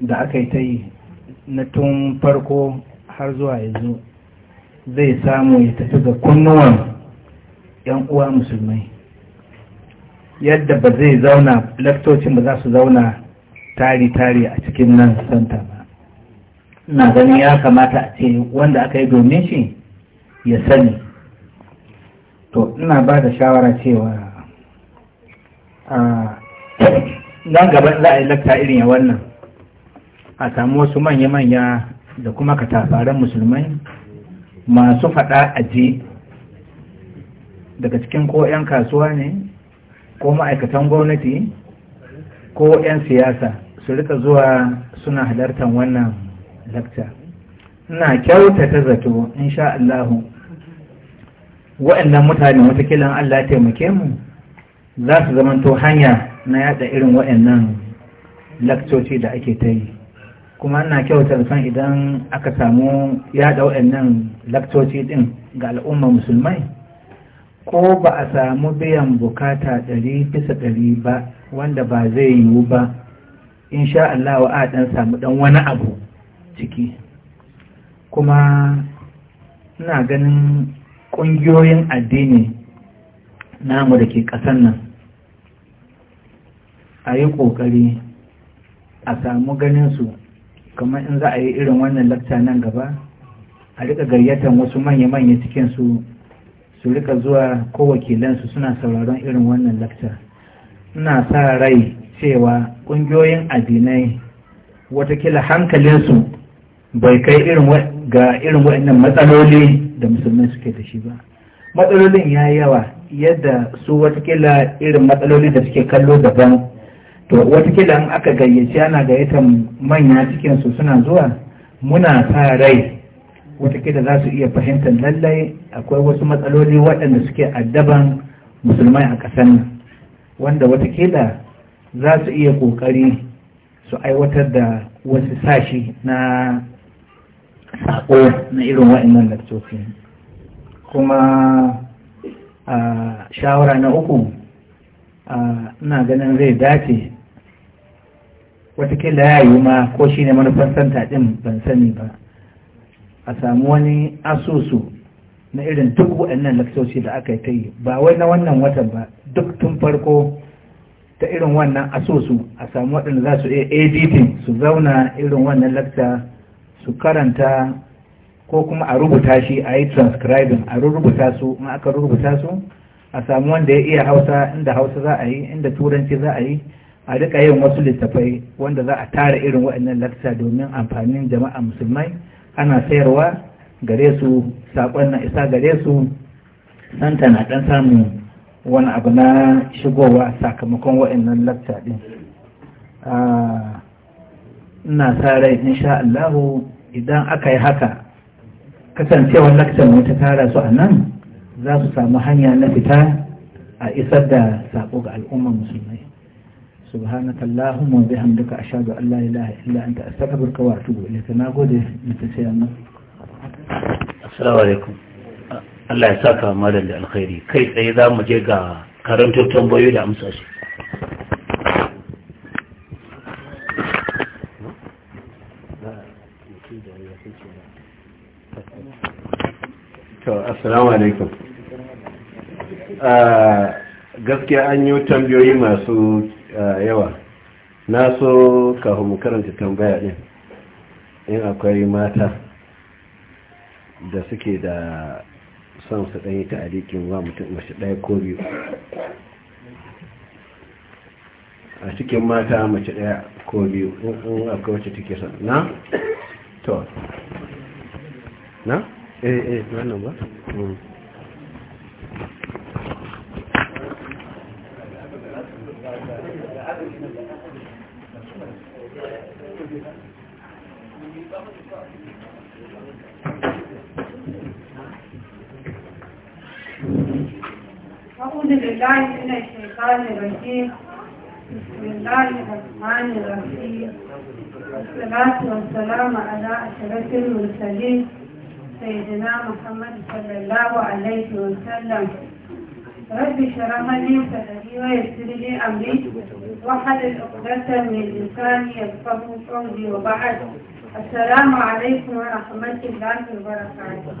da aka yi ta yi na tun farko har zuwa yanzu zai samu ya tafi ga kunnuwan 'yan uwa musulmai yadda ba zai zauna laktocin ba za su zauna tari-tari a cikin nan santa ba na gani ya kamata a ce wanda aka yi domin shi ya sani to ina ba da shawara cewa nan gaban za a yi lakta irin ya wannan a samu wasu manya-manya da kuma katafaren musulmai masu faɗa ji daga cikin ko 'yan kasuwa ne ko ma'aikatan gwamnati ko 'yan siyasa su rika zuwa suna halartar wannan lakta ina kyautata zato sha Allahu waɗannan mutane watakilan Allah taimake mu za su zamanto hanya na yada irin waɗannan lakcoci da ake ta yi kuma ana da san idan aka samu yada waɗannan lakcoci ɗin ga al'umma musulmai ko ba a samu biyan bukata ɗari bisa ɗari ba wanda ba zai yiwu ba sha Allah wa a ɗan samu ɗan wani abu ciki kuma ina ganin ƙungiyoyin addini namu da ke ƙasar nan a yi ƙoƙari a samu ganinsu kamar in za a yi irin wannan lakta nan gaba a rika gayyatar wasu manya-manya cikinsu su rika zuwa ko wakilansu suna sauraron irin wannan lakta ina sa rai cewa ƙungiyoyin addinai watakila hankalinsu bai kai ga irin waɗannan matsaloli da musulmai suke da shi ba matsalolin ya yi yawa yadda su watakila irin matsaloli da suke kallo daban to watakila in aka gayyaci ana gayyatar manya cikinsu suna zuwa muna sa rai watakila za su iya fahimtar lallai akwai wasu matsaloli waɗanda suke addaban musulmai a ƙasar nan wanda watakila za su iya ƙoƙari su aiwatar da wasu sashi na sako na irin wa'annan lakcoci kuma a shawara na uku ina ganin zai dace watakila ya yi ma ko shi ne manufan santa ɗin ban sani ba a samu wani asusu na irin duk waɗannan lakcoci da aka yi ta yi ba wai na wannan watan ba duk tun farko ta irin wannan asusu a samu waɗanda za su iya editing su zauna irin wannan lakta su karanta ko kuma a rubuta shi a yi transcribing a rubuta su in aka rubuta su a samu wanda ya iya hausa inda hausa za a yi inda turanci za a yi a rika yin wasu littafai wanda za a tara irin waɗannan lakta domin amfanin jama'a musulmai ana sayarwa gare su saƙon na isa gare su santa na ɗan samun wani abu na shigowa sakamakon waɗannan lakta ɗin ah, ina sa rai insha Allahu idan aka yi haka kasancewar lakcin wata ta tara su a nan za su samu hanya na fita a isar da sako ga al'ummar musulmai subhanaka allahumma wa bihamdika ashhadu an la ilaha illa anta astaghfiruka wa atubu ilayka nagode mutum sai nan assalamu alaikum Allah ya saka malam da alkhairi kai tsaye za mu je ga karantar tambayoyi da amsa shi Assalamu alaikum ah, gaskiya an yi tambayoyi masu ah, yawa na so kafin karanta tambaya ɗin. in akwai mata da suke da son su ɗanyi ta alikin wa mutum mashi ɗaya ko biyu a cikin mata mace ɗaya ko biyu in akwai wacce take son na? to na? ايه eh wannan ba أعوذ بالله من الشيطان الرجيم بسم الله الرحمن الرحيم والصلاة والسلام على أشرف المرسلين سيدنا محمد صلى الله عليه وسلم رب شرح لي صدري ويسر لي امري واحلل العقدة من لساني يفقه قولي وبعد السلام عليكم ورحمة الله وبركاته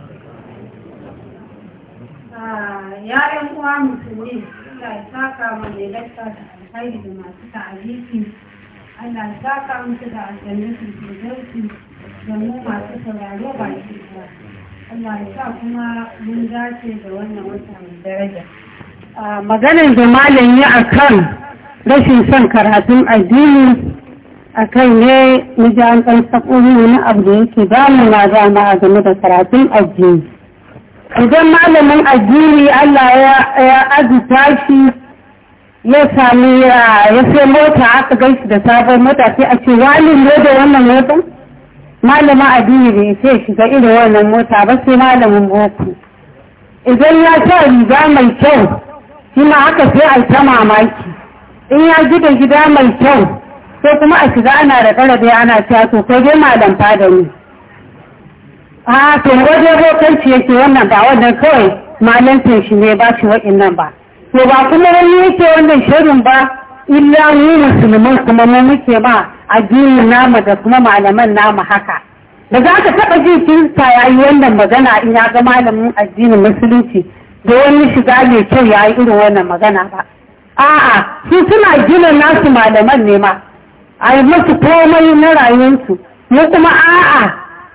آه، يا أخوان المسلمين لا يساقى من يلقى خير ما تسعى عليكم أن يساقى من تدعى الجنة في da masu kuma. Allah ya sa kuma mun dace da wannan wata mai daraja maganar da malam ya akan rashin son karatun addini a kai ne mu an ɗan saƙo wani abu da yake mu na dama a game da karatun addini idan malamin addini Allah ya azuta shi ya sami ya sai mota aka gaishe da sabon mota sai a ce wani ne da wannan motan malama addini bai ce shiga irin wannan mota ba sai malamin boko idan ya sa riga mai kyau shi ma haka sai a ta mamaki in ya gida gida mai kyau sai kuma a shiga ana da karabe ana ta to ko dai malam fada ne a to wajen bokanci yake wannan ba wannan kawai malam shi ne ba shi nan ba to ba kuma wani yake wannan shirin ba illa mu musulman kuma mu muke ba addinin namu da kuma malaman namu haka da za ka taɓa jin kirista ya yi wannan magana in ya ga malamin addinin musulunci da wani shiga mai kyau ya yi irin wannan magana ba a'a su suna gina nasu malaman ne ma a yi musu komai na rayuwarsu mu kuma a'a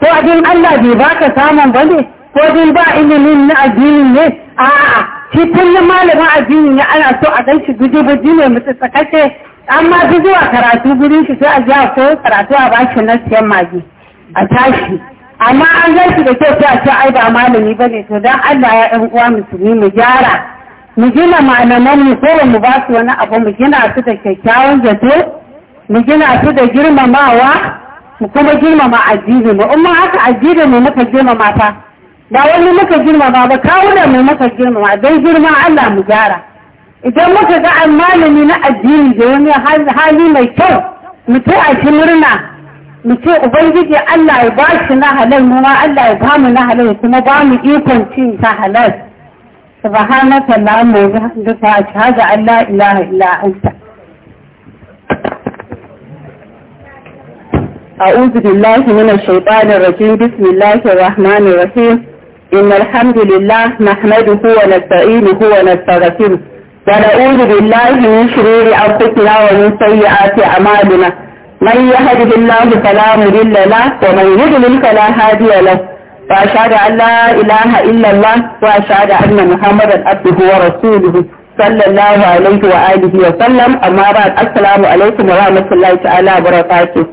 ko abin Allah bai baka samun ba ko abin ba ilimin na addini ne a'a shi kullum malamin addini ya ana so a gan shi guji-guji ne mutu tsakace amma duk zuwa karatu gurin shi sai a ji a koyo karatu a bashi na siyan magi a tashi amma an gan da kyau sai a ce ai ba malami ba ne to don Allah ya ɗan uwa musulmi mu gyara mu gina malaman mu ko mu ba su wani abu mu gina su da kyakkyawan zato mu gina su da girmamawa mu kuma girmama addini mu in haka addini mu muka girmama ta ba wani muka girmama ba kawuna mai muka girmama don girma Allah mu gyara idan muka ga malami na addini da wani hali mai kyau mu ce a shi murna mu ce ubangiji Allah ya ba shi na halal mu ma Allah ya ba mu na halal kuma ba mu ikon cin ta halal subhanaka allahumma wa bihamdika ashhadu an la ilaha illa anta أعوذ بالله من الشيطان الرجيم بسم الله الرحمن الرحيم إن الحمد لله نحمده ونستعينه ونستغفره ونعوذ بالله من شرور أنفسنا ومن سيئات أعمالنا من يهده الله فلا مضل له ومن يضلل فلا هادي له وأشهد أن لا إله إلا الله وأشهد أن محمدا عبده ورسوله صلى الله عليه وآله وسلم أما بعد السلام عليكم ورحمة الله تعالى وبركاته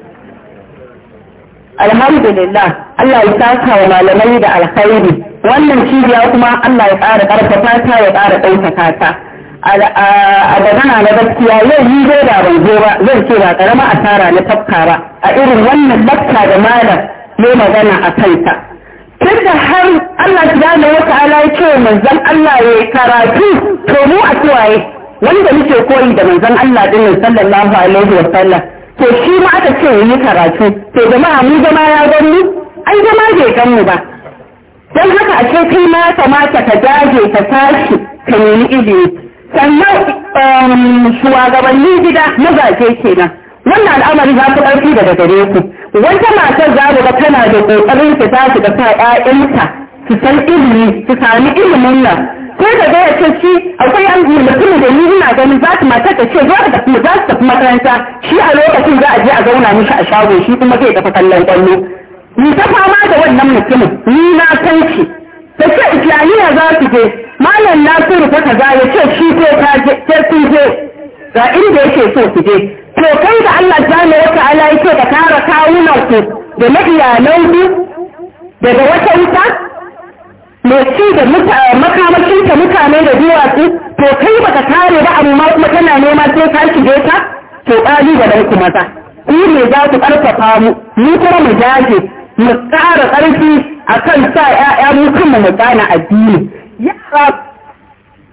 alhamdulillah Allah ya saka wa malamai da alkhairi wannan cibiya kuma Allah ya ƙara ƙarfafa ta ya ƙara ɗaukaka ta a magana na gaskiya yau yi zai da ban zo ba zan ce ba ƙarama asara na tafka ba a irin wannan bakka da malam ne magana a kanta tun da har Allah subhanahu wa ta'ala ya ce manzon Allah ya karatu to mu a tuwaye wanda muke koyi da manzon Allah din sallallahu alaihi wa sallam to shi ma aka ce yi karatu to jama'a mu zama ya gani ai zama bai gan mu ba don haka a ce kai ma kamata ka daje ka tashi ka nemi izini sannan um, shugabannin gida mazaje kenan wannan al'amari za ku da daga gare ku wata matar za ga tana da ƙoƙarin ta tashi da sa 'ya'yanta su san ilimi su sami ilimin nan sai ka gaya ce shi akwai an mutumin da ni ina ganin za su matar ta ce za su tafi za su tafi makaranta shi a lokacin za a je a zauna mishi a shago shi kuma zai tafi kallon kwallo ni ta fama da wannan mutumin ni na san shi ta ce islamiyya za su je malam nasiru ta kaza ya ce shi ko ta je ta su je ga inda yake so su je to kai da Allah subhanahu wa ala'i ko ka kare kawunan ku da na iyalan ku daga wata wuta mai da makamacinta mutane da duwatsu to kai baka kare ba amma kuma tana nema sai ka shige ta to ƙalubalen ku maza ku ne za ku ƙarfafa mu mu kuma mu jaje mu ƙara ƙarfi a kan sa ‘ya'ya mu kanmu mu gane addini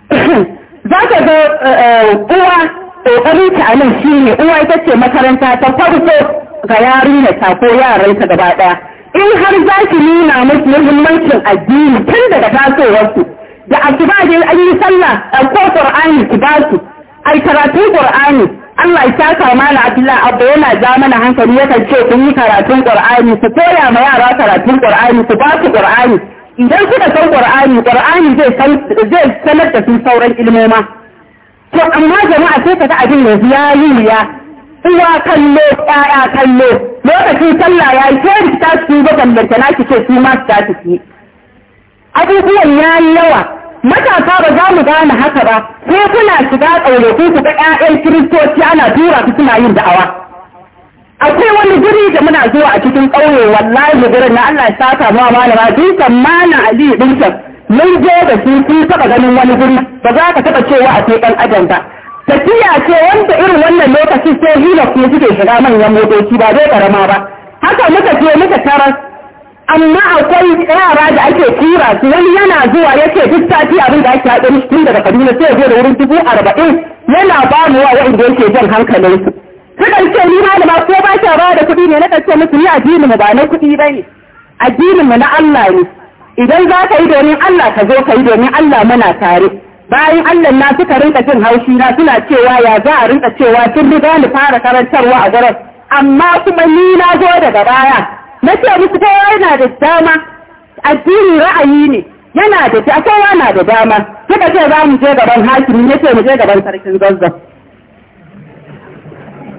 za ka zo eh, eh, uwa ƙoƙarin ta a nan shi ne uwa ita ce makaranta ta farko ga yarinya ta ko yaranta gaba ɗaya in har za ki nuna musu muhimmancin addini tun daga tasowarsu da asuba dai an yi sallah ko qur'ani ki ba su ai karatun qur'ani Allah ya saka mana Abdullah Abba yana ja mana hankali yakan ce kun yi karatun Qur'ani su koya ma yara karatun Qur'ani su ba su Qur'ani idan suka san Qur'ani Qur'ani zai sanar da su sauran ilmoma to amma jama'a sai kaga abin yanzu ya yi ya uwa kallo ƴaƴa kallo lokacin sallah ya yi ke ki ta su ba na ki ce su ma su abubuwan ya yi yawa matasa ba za mu gane haka ba sai kuna shiga tsaure ku ku ga ƴaƴan kiristoci ana tura su suna yin da'awa akwai wani guri da muna zuwa a cikin ƙauye wallahi gurin na Allah ya saka mu malama dukan mana Ali dinka mun je da su sun taba ganin wani guri ba za ka taba cewa ke ɗan adam ba tafiya ce wanda irin wannan lokacin sai hilux ne suke shiga manyan motoci ba zai karama ba haka muka je muka taras amma akwai yara da ake tura su wani yana zuwa yake duk sati abin da ake mishi tun daga kaduna sai zai da wurin dubu arba'in yana ba mu wa wanda yake jan hankalin su sukan ce ni malama ko ba sha ba da kuɗi ne na kace musu ni addinin mu ba na kuɗi ba ne addini mu na Allah ne idan za ka yi domin Allah ka zo ka yi domin Allah muna tare bayan Allah na suka rinka jin haushi na suna cewa ya za a rinka cewa sun riga ni fara karantarwa a gara amma kuma ni na zo daga baya na ce musu kowa yana da dama addini ra'ayi ne yana da ta kowa na da dama suka ce za mu je gaban hakimi ne ce mu je gaban sarkin zazzab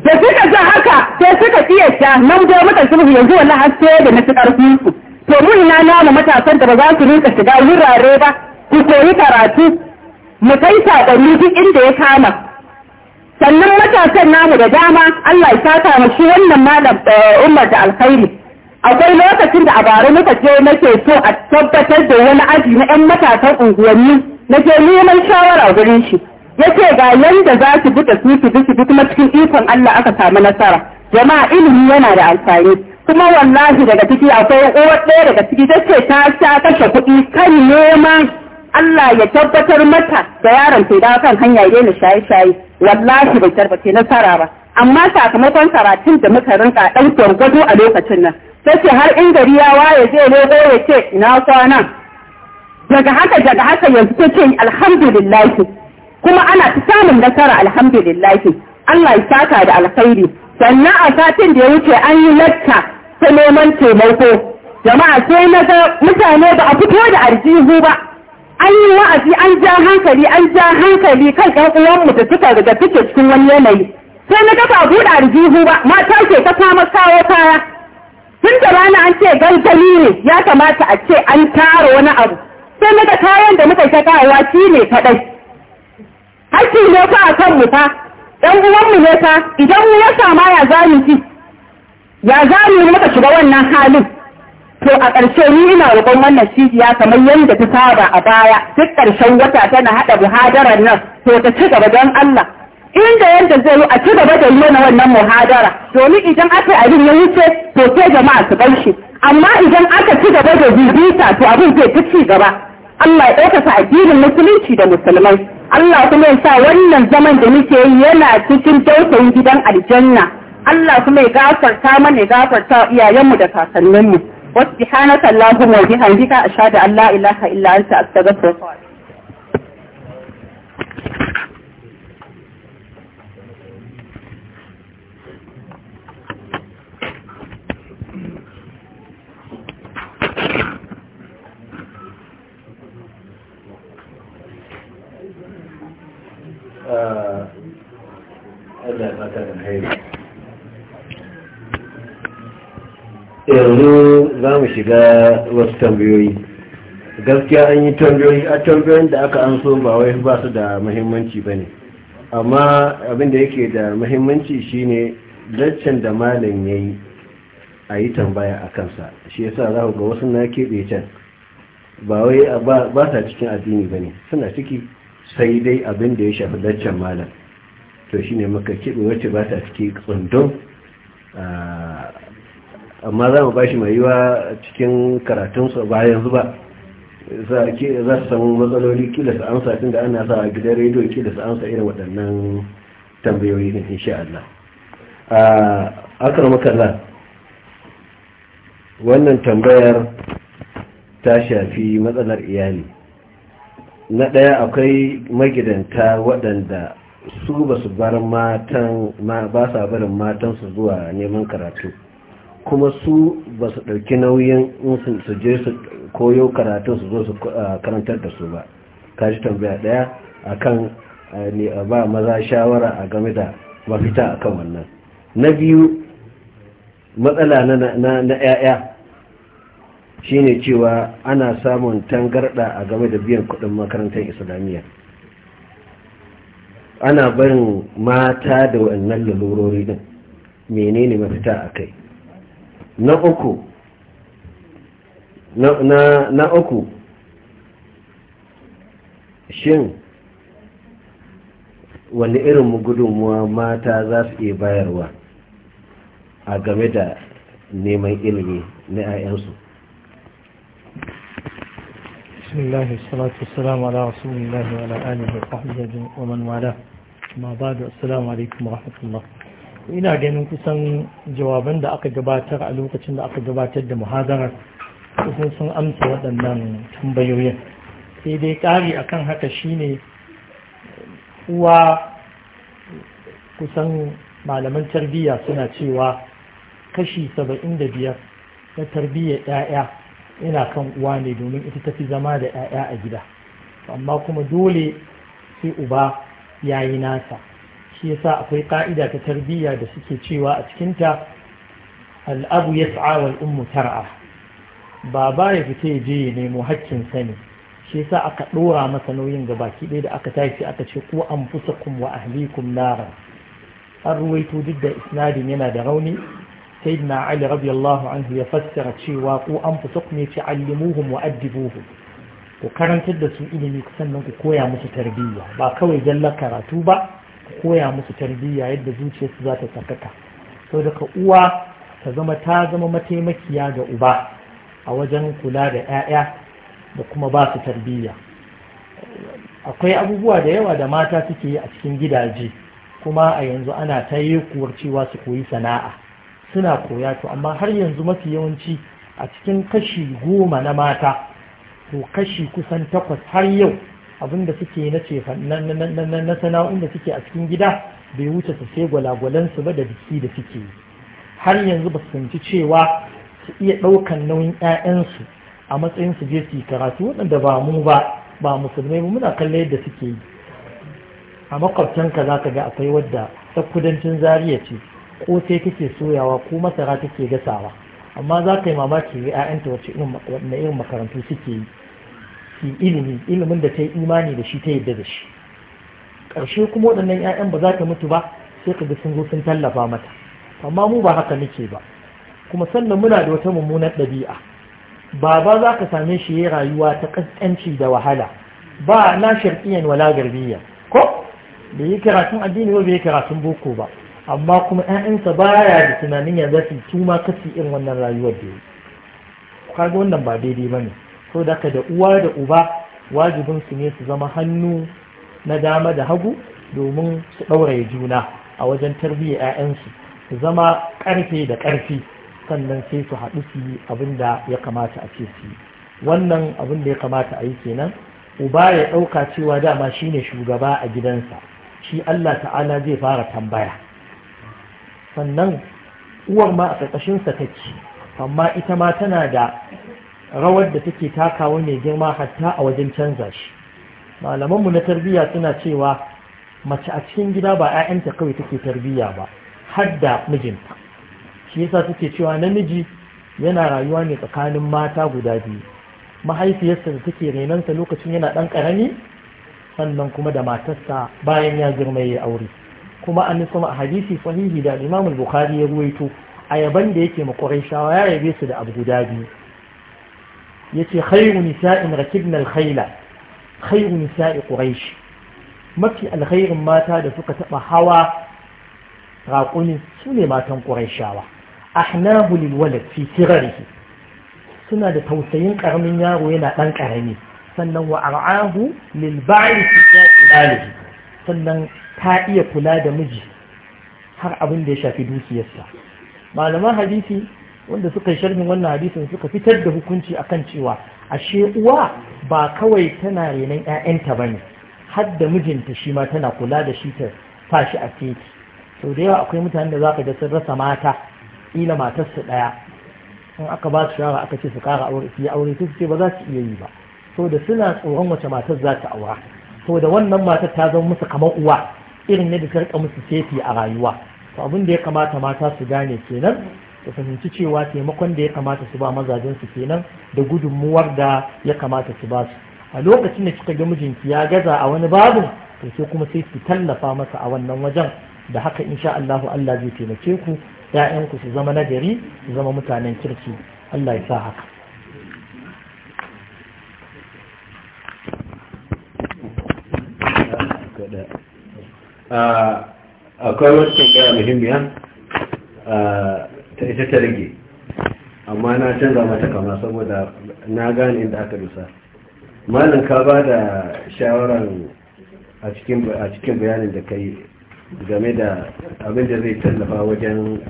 da suka ji haka sai suka sha nan je muka sulhu yanzu wallahi har da na fi karfin su to mun ina na matasan da ba za su rinka shiga wurare ba ku koyi karatu mu kai saƙonni duk inda ya kama sannan matasan namu da dama Allah ya sata mu shi wannan malam eh, Umar da alkhairi akwai lokacin da a bara muka je nake so a tabbatar da wani aji na ƴan matasan unguwanni nake neman shawara gurin shi yace ga yanda za su bi da su su bi su bi kuma cikin ikon Allah aka samu nasara jama'a ilimi yana da alfani kuma wallahi daga ciki akwai uwar ɗaya daga ciki ce ta sha kashe kuɗi kan neman Allah ya tabbatar mata da yaron ke dawo kan hanya ya daina shaye-shaye wallahi bai tarbace nasara ba amma sakamakon karatun da muka rinka ɗan gado a lokacin nan sai har in gari ya waye zai lego ya ce na kwana daga haka daga haka yanzu ta ce alhamdulillah kuma ana ta samun nasara alhamdulillah Allah ya saka da alkhairi sannan a satin da ya wuce an yi lacca ta neman taimako jama'a sai na ga mutane ba a fito da aljihu ba an yi wa'azi an ja hankali an ja hankali kan ƴan uwanmu da suka daga suke cikin wani yanayi sai na gaba buɗe arzihu ba mata ke ta kama kawo kaya tun da rana an ce gangali ne ya kamata a ce an tara wani abu sai na ga kayan da muka shakawa shi ne kaɗai hakki ne fa a kanmu fa ɗan uwanmu ne fa idan mu ya sama ya zamu ci ya zamu muka shiga wannan halin To a ƙarshe ni ina roƙon wannan cibiya kamar yadda ta saba a baya duk ƙarshen wata tana haɗa muhadarar nan to ta ci gaba don Allah. Inda yadda zai yi a ci gaba da yi na wannan muhadara domin idan aka abin ya wuce to sai jama'a su bar shi. Amma idan aka ci gaba da bibita to abin zai ta ci gaba. Allah ya ɗaukaka addinin musulunci da musulmai. Allah kuma ya sa wannan zaman da muke yi yana cikin dausayin gidan aljanna. Allah kuma ya gafarta mana ya gafarta iyayenmu da kakanninmu. wasu hana sallahu wa bihamdika ashhadu an la ilaha illa anta astaghfiruka yanzu za mu shiga wasu tambayoyi gaskiya an yi tambayoyi a tambayoyin da aka an so ba wai ba su da muhimmanci ba ne amma abin da yake da muhimmanci shine laccen da malam ya yi a yi tambaya a kansa shi yasa za ga wasu na keɓe can ba wai ba sa cikin addini ba ne suna ciki sai dai abin da ya shafi daccen malam to shine muka keɓe wacce ba ta cikin tsundun ah, amma za mu bashi mai yiwa cikin karatunsu ba yanzu ba za su samu matsaloli kila su amsa tun da ana sa a gidan rediyo kila su amsa irin waɗannan tambayoyi ne insha Allah a akarmakalla wannan tambayar ta shafi matsalar iyali na ɗaya akwai magidanta waɗanda su ba su bar matan ba sa barin matansu zuwa neman karatu kuma su ba su ɗauki nauyin in su je su koyo karatun su zo su karantar da su ba kaji tambaya ɗaya akan ne ba maza shawara a game da mafita akan wannan na biyu matsala na 'ya'ya shine cewa ana samun tangarɗa a game da biyan kuɗin makarantar islamiyya ana barin mata da wannan lalurori din menene mafita a kai na uku na uku shin wani irin gudunmuwa mata za su iya bayarwa a game da neman ilimi na 'ya'yansu bismillahi salatu salamu ala rasulillahi wa ala alihi wa sahbihi wa man wala ma ba'du assalamu alaikum wa rahmatullah ina ganin kusan jawaban da aka gabatar a lokacin da aka gabatar da muhazarar kusan sun amsa waɗannan tambayoyin sai dai ƙari a kan haka shine uwa kusan malaman tarbiyya suna cewa kashi saba'in da biyar na tarbiyyar 'ya'ya yana kan uwa ne domin ita tafi zama da 'ya'ya a gida amma kuma dole sai uba yayi yi nasa shi yasa akwai ka'ida ta tarbiyya da suke cewa a cikinta al'abu ya sa'a wal tar'a baba ya fita ya je ya nemo hakkin sani shi yasa aka ɗora masa nauyin ga baki ɗaya da aka tashi aka ce ko an fusa kum wa ahlikum nara an ruwaito duk da isnadin yana da rauni سيدنا علي رضي anhu ya يفسر cewa ku an fusukum ya ce allimuhum wa addibuhum ku karantar da su ilimi sannan ku koya musu tarbiyya ba kawai zallar karatu ba koya musu tarbiyya yadda zuciyarsu za ta sakaka sau daga uwa ta zama ta zama mataimakiya ga uba a wajen kula da 'ya'ya da kuma ba su tarbiyya akwai abubuwa da yawa da mata suke yi a cikin gidaje kuma a yanzu ana ta yi kuwar cewa su koyi sana'a suna koya to amma har yanzu mafi yawanci a cikin kashi goma na mata to kashi kusan takwas har yau Abin da suke na cefa na sana'o'in da suke a cikin gida bai wuce su sai gwalagwalansu ba da biki da suke yi har yanzu ba su fahimci cewa su iya ɗaukan nauyin 'ya'yansu a matsayin su je su yi karatu waɗanda ba mu ba ba musulmai ba. muna kalle yadda suke yi a ka za ka ga akwai wadda ta kudancin zariya ce ko sai take soyawa ko masara take gasawa amma za ka yi mamaki ga 'ya'yanta wacce irin makarantu suke yi ilimi ilimin da ta yi imani da shi ta yadda da shi ƙarshe kuma waɗannan 'ya'yan ba za ta mutu ba sai ka ga sun zo sun tallafa mata amma mu ba haka muke ba kuma sannan muna da wata mummunar ɗabi'a baba za ka same shi ya rayuwa ta ƙasƙanci da wahala ba na sharƙiyan wala garbiya ko bai yi karatun addini ba bai yi karatun boko ba amma kuma 'ya'yansa baya da tunanin ya zafi tuma kasi irin wannan rayuwar da ya kaga wannan ba daidai ba ne so daga da uwa da uba wajibin su ne su zama hannu na dama da hagu domin su ɗauraye juna a wajen tarbiyyar 'ya'yansu su zama ƙarfe da ƙarfi sannan sai su haɗu su yi abin da ya kamata a ce su yi wannan abin da ya kamata a yi kenan uba ya ɗauka cewa dama shine shugaba a gidansa shi Allah ta'ala zai fara tambaya sannan uwar ma a ƙarƙashinsa ce amma ita ma tana da rawar da take takawa mai girma hatta a wajen canza shi malamanmu na tarbiyya suna cewa mace a cikin gida ba 'ya'yanta kawai take tarbiyya ba har da mijinta shi yasa suke cewa namiji yana rayuwa ne tsakanin mata guda biyu mahaifiyarsa da take sa lokacin yana ɗan karami sannan kuma da matarsa bayan ya girma ya aure kuma an kuma a hadisi sahihi da imam bukhari ya ruwaito a yaban da yake makwarai shawa ya yabe su da abu guda biyu yace khairu nisa'in rakibna al-khayla khairu nisa'i quraish mafi alkhairin mata da suka taba hawa raƙuni sune matan quraishawa ahnahu lil walad fi sirrihi suna da tausayin karamin yaro yana dan karami sannan wa ar'ahu lil ba'i fi sannan ta iya kula da miji har abin da ya shafi dukiyarsa malaman hadisi wanda suka sharhin wannan hadisin suka fitar da hukunci akan cewa ashe uwa ba kawai tana renon 'ya'yanta ba ne, da mijinta shi ma tana kula da shi ta fashi a titi sau da yawa akwai mutane da zaka ga sun rasa mata ila matarsu ɗaya in aka ba su shawara aka ce su kara aure su yi aure su ce ba za su iya yi ba da suna tsoron wace matar za ta aura da wannan matar ta zama musu kamar uwa irin yadda ta rika musu sefi a rayuwa to abin da ya kamata mata su gane kenan Ka fahimci cewa taimakon da ya kamata su ba mazajen su kenan da gudunmuwar da ya kamata su ba su a lokacin da kika ga mijinki ya gaza a wani babu to sai kuma sai su tallafa masa a wannan wajen da haka insha Allah Allah zai taimake ku ‘ya'yanku su zama nagari su zama mutanen kirki Allah ya sa haka ah, akwai wasu tambaya muhimmiya ah, ta ita ta rage amma na canza mata kama saboda na gane inda aka dusa malin ka ba da shawarar a cikin bayanin da kai game da abin da zai tallafa wajen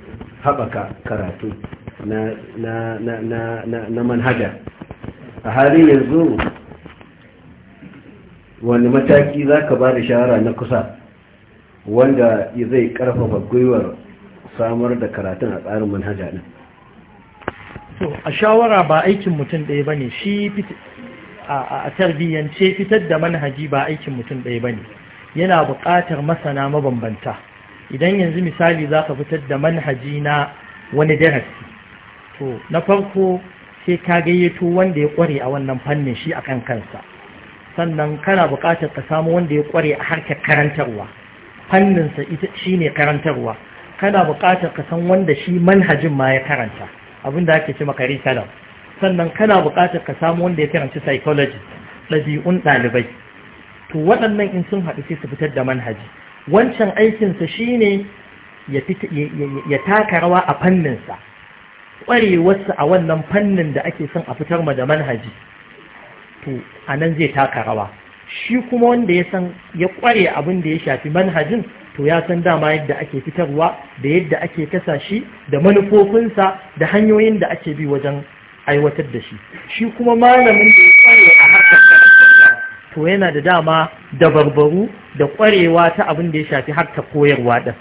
haɓaka karatu na manhaja a halin yanzu wani mataki za ka ba da shawara na kusa wanda zai ƙarfafa gwiwar samar da karatun a tsarin manhaja din to a shawara ba aikin mutum ɗaya bane shi a tarbiyyance fitar da manhaji ba aikin mutum ɗaya bane yana buƙatar masana mabambanta idan yanzu misali za ka fitar da manhaji na wani darasi to na farko sai ka gayyato wanda ya ƙware a wannan fannin shi a kansa sannan kana buƙatar ka samu wanda ya ƙware a harkar karantarwa fanninsa shi ne karantarwa kana buƙatar ka san wanda shi manhajin ma ya karanta abinda ake ce maka curriculum sannan kana buƙatar ka samu wanda ya karanci psychology ɗabi'un ɗalibai to waɗannan in sun haɗu sai su fitar da manhaji wancan aikinsa shine ya taka rawa a fanninsa ƙwarewarsa a wannan fannin da ake son a fitar ma da manhaji to a zai taka rawa shi kuma wanda ya san ya ƙware abin da ya shafi manhajin to ya san dama yadda ake fitarwa da yadda ake kasa shi da manufofinsa da hanyoyin da ake bi wajen aiwatar da shi shi kuma malamin da ya kware a harkar to yana da dama da barbaru da kwarewa ta abin da ya shafi harkar koyarwa din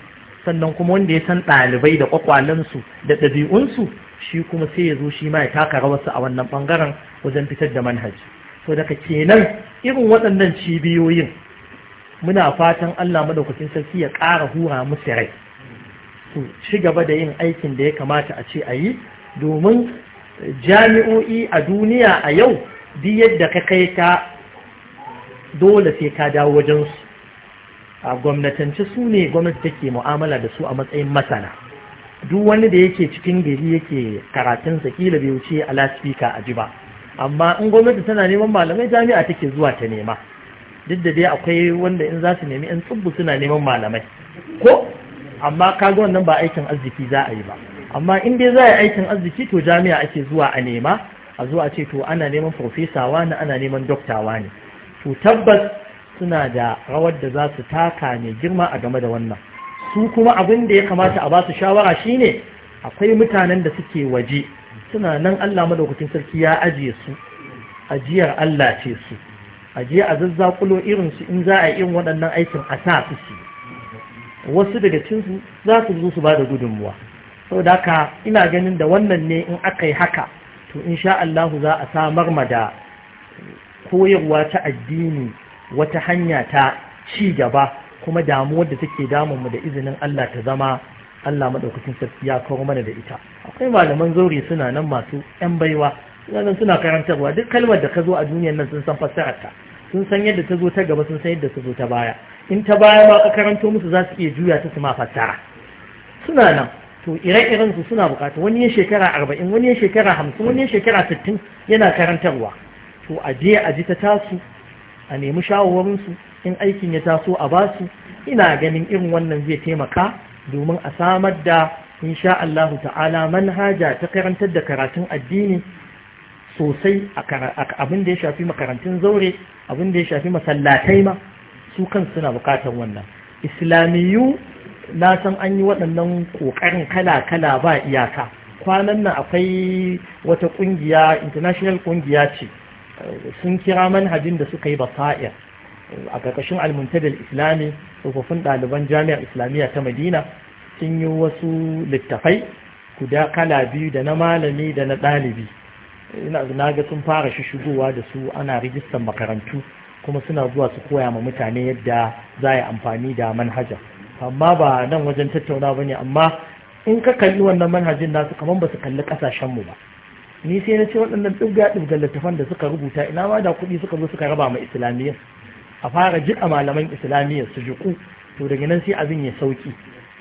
sannan kuma wanda ya san ɗalibai da kwakwalensu da ɗabi'unsu shi kuma sai ya zo shi ma ya taka rawarsa a wannan ɓangaren wajen fitar da manhaji to daga kenan irin waɗannan cibiyoyin muna fatan Allah madaukakin sarki ya ƙara hura musu rai su ci gaba da yin aikin da ya kamata a ce a yi domin jami'o'i a duniya a yau duk yadda ka kai ka dole sai ka dawo wajensu a gwamnatance su ne gwamnati take mu'amala da su a matsayin masana duk wani da yake cikin gari yake karatun kila bai wuce a lasfika a ji ba amma in gwamnati tana neman malamai jami'a take zuwa ta nema duk da dai akwai wanda in za su nemi yan tsubbu suna neman malamai ko amma kaga wannan ba aikin arziki za a yi ba amma in dai za a yi aikin arziki to jami'a ake zuwa a nema a zuwa ce to ana neman farfesa wani ana neman doktawa ne to tabbas suna da rawar da za su taka ne girma a game da wannan su kuma abin da ya kamata a ba su shawara shine akwai mutanen da suke waje suna nan Allah madaukakin sarki ya ajiye su ajiyar Allah ce su a je a zazzakulo irinsu in za a irin waɗannan aikin a sa su su wasu daga cinsu za su zo su ba da gudunmuwa sau da haka ina ganin da wannan ne in aka yi haka to in sha Allah za a samar ma da koyarwa ta addini wata hanya ta ci gaba kuma damuwar da take mu da izinin Allah ta zama Allah maɗaukacin sarki ya kawo mana da ita akwai malaman zaure suna nan masu 'yan baiwa suna karantarwa duk kalmar da ka zo a duniyar nan sun san fassararta sun san yadda ta zo ta gaba sun san yadda ta zo ta baya in ta baya ma ka karanto musu za su iya juya ta su ma fassara suna nan to ire-iren su suna bukata wani ya shekara arba'in wani ya shekara hamsin wani ya shekara sittin yana karantarwa to a je a ji ta tasu a nemi shawarwarinsu in aikin ya taso a basu ina ganin irin wannan zai taimaka domin a samar da insha Allah ta'ala manhaja ta karantar da karatun addini sosai abin da ya shafi makarantun zaure abin da ya shafi masallatai ma su kan suna bukatar wannan islamiyu na san an yi waɗannan ƙoƙarin kala-kala ba iyaka kwanan nan akwai wata ƙungiya international ƙungiya ce sun kira manhajin da suka yi basa'ir a ƙarƙashin almuntadar islami tsofaffin ɗaliban jami'ar islamiyya ta madina sun yi wasu littafai guda kala biyu da na malami da na ɗalibi na ga sun fara shi shigowa da su ana rijistan makarantu kuma suna zuwa su koya ma mutane yadda za a amfani da manhaja amma ba nan wajen tattauna ba ne amma in ka kalli wannan manhajin nasu kamar ba su kalli kasashenmu ba ni sai na ce waɗannan ɗibga ɗibga littafan da suka rubuta ina ma da kuɗi suka zo suka raba ma islamiyya a fara jiƙa malaman islamiyya su jiƙu to daga nan sai abin ya sauki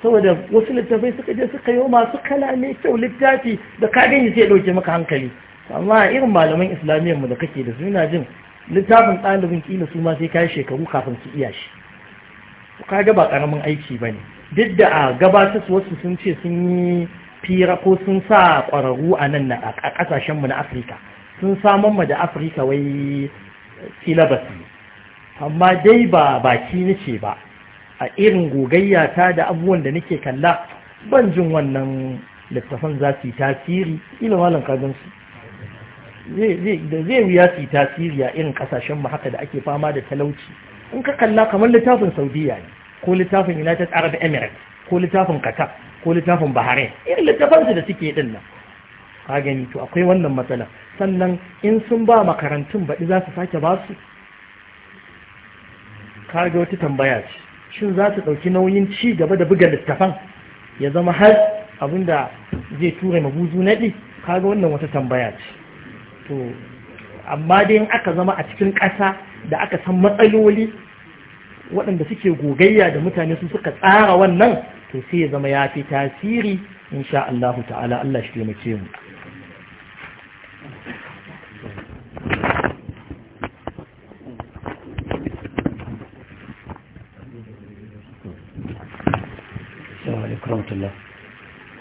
saboda wasu littafai suka je suka yi masu kala mai kyau littafi da ka gani sai ɗauke maka hankali amma irin malaman islamiyyar mu da kake da suna jin littafin ɗalibin kila su ma sai kai shekaru kafin su iya shi ka ga ba karamin aiki ba ne. duk da a gabatar wasu sun ce sun yi fira ko sun sa ƙwararru a nan a ƙasashenmu na afirka sun samar mu da afirka wai ne amma dai ba baki nace ba a irin gogayya ta da abubuwan da nake kalla ban jin wannan littafan za su yi tasiri ilimalin su. da zai wuya su tasiri a irin kasashen mu haka da ake fama da talauci in ka kalla kamar littafin saudiya ne ko littafin united arab emirates ko littafin qatar ko littafin bahrain irin littafansu da suke din nan ka gani to akwai wannan matsala sannan in sun ba makarantun baɗi za su sake ba su ka ga wata tambaya ce shin za su ɗauki nauyin ci gaba da buga littafan ya zama har abinda zai ture mabuzu naɗi ka ga wannan wata tambaya ce to amma dai in aka zama a cikin ƙasa da aka san matsaloli waɗanda suke gogayya da mutane su suka tsara wannan to sai ya zama ya fi tasiri insha Allah ta'ala Allah shi taimake mu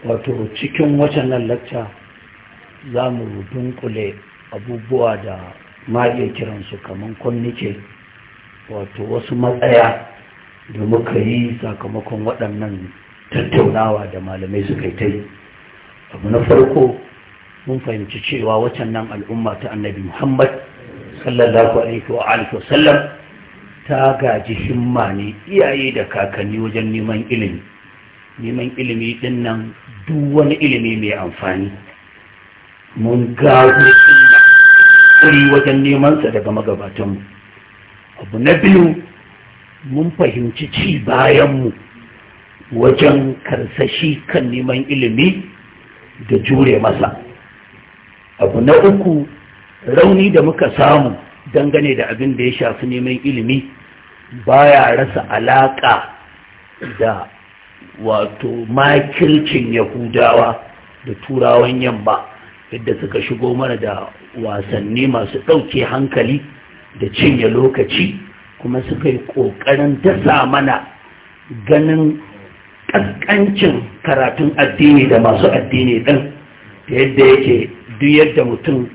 wato cikin wacan nan lacca za mu dunkule abubuwa da ma iya kiransu kamar kwanike wato wasu matsaya da muka yi sakamakon waɗannan tattaunawa da malamai suka kai ta yi abu na farko mun fahimci cewa wacan nan al'umma ta annabi muhammad sallallahu alaihi wa alihi sallam ta gaji himma ne iyaye da kakanni wajen neman ilimi neman ilimi din nan duk wani ilimi mai amfani mun gaji haƙuri wajen nemansa daga magabatanmu abu na biyu mun fahimci ci bayanmu wajen karsashi kan neman ilimi da jure masa abu na uku rauni da muka samu dangane da abin da ya shafi neman ilimi baya rasa alaƙa da wato makircin yahudawa da turawan yamma yadda suka shigo mana da wasanni masu ɗauke hankali da cinye lokaci kuma suka yi ƙoƙarin dasa mana ganin ƙasƙancin karatun addini da masu addini ɗin Da yadda yake duk yadda mutum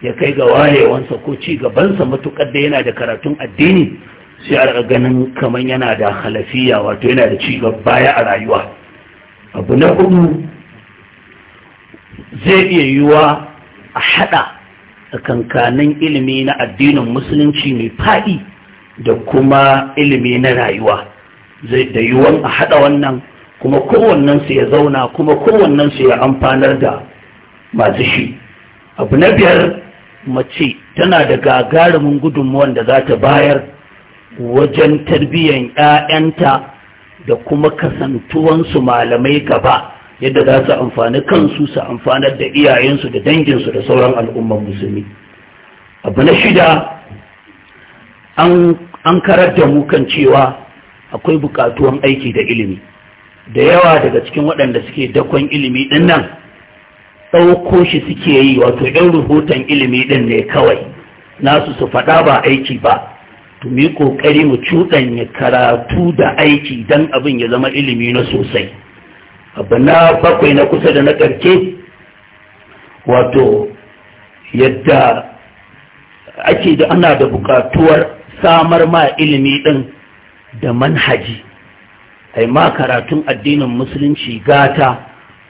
ya kai ga wayewansa ko ci gabansa matuƙar da yana da karatun addini sai a ganin kamar yana da halafiya wato yana da ci baya a rayuwa abu na hudu zai iya yiwuwa a haɗa tsakankanin ilimi na addinin musulunci mai faɗi da kuma ilimi na rayuwa zai da yiwuwan a haɗa wannan kuma kowannensu ya zauna kuma kowannensu ya amfanar da masu shi abu na biyar mace tana da gagarumin gudunmuwan da za ta bayar wajen tarbiyyar 'ya'yanta da kuma kasantuwansu malamai gaba yadda za su amfani kansu su amfanar da iyayensu da danginsu da sauran al'umman musulmi abu na shida an karar da mu kan cewa akwai bukatuwan aiki da ilimi da yawa daga cikin waɗanda suke dakon ilimi ɗin nan ɗauko shi suke yi wato ɗan rahoton ilimi ɗin ne kawai nasu su faɗa ba aiki ba to mu yi ƙoƙari mu cuɗanya karatu da aiki don abin ya zama ilimi na sosai abu na bakwai na kusa da na ƙarke wato yadda ake da ana da buƙatuwar samar ma ilimi ɗin da manhaji A ma karatun addinin musulunci gata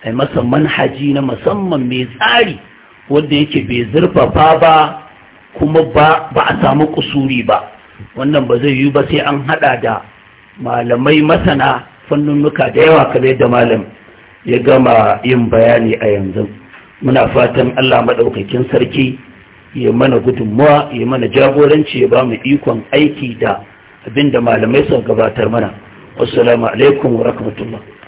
ai masa manhaji na musamman mai tsari wanda yake bai zurfafa ba kuma ba a samu kusuri ba wannan ba zai yi ba sai an haɗa da malamai masana fannunuka da yawa kamar yadda malam ya gama yin bayani a yanzu muna fatan Allah maɗaukakin sarki ya mana gudunmuwa ya mana jagoranci ya ba mu ikon aiki da abinda malamai sun gabatar mana wassalamu alaikum wa rahmatullah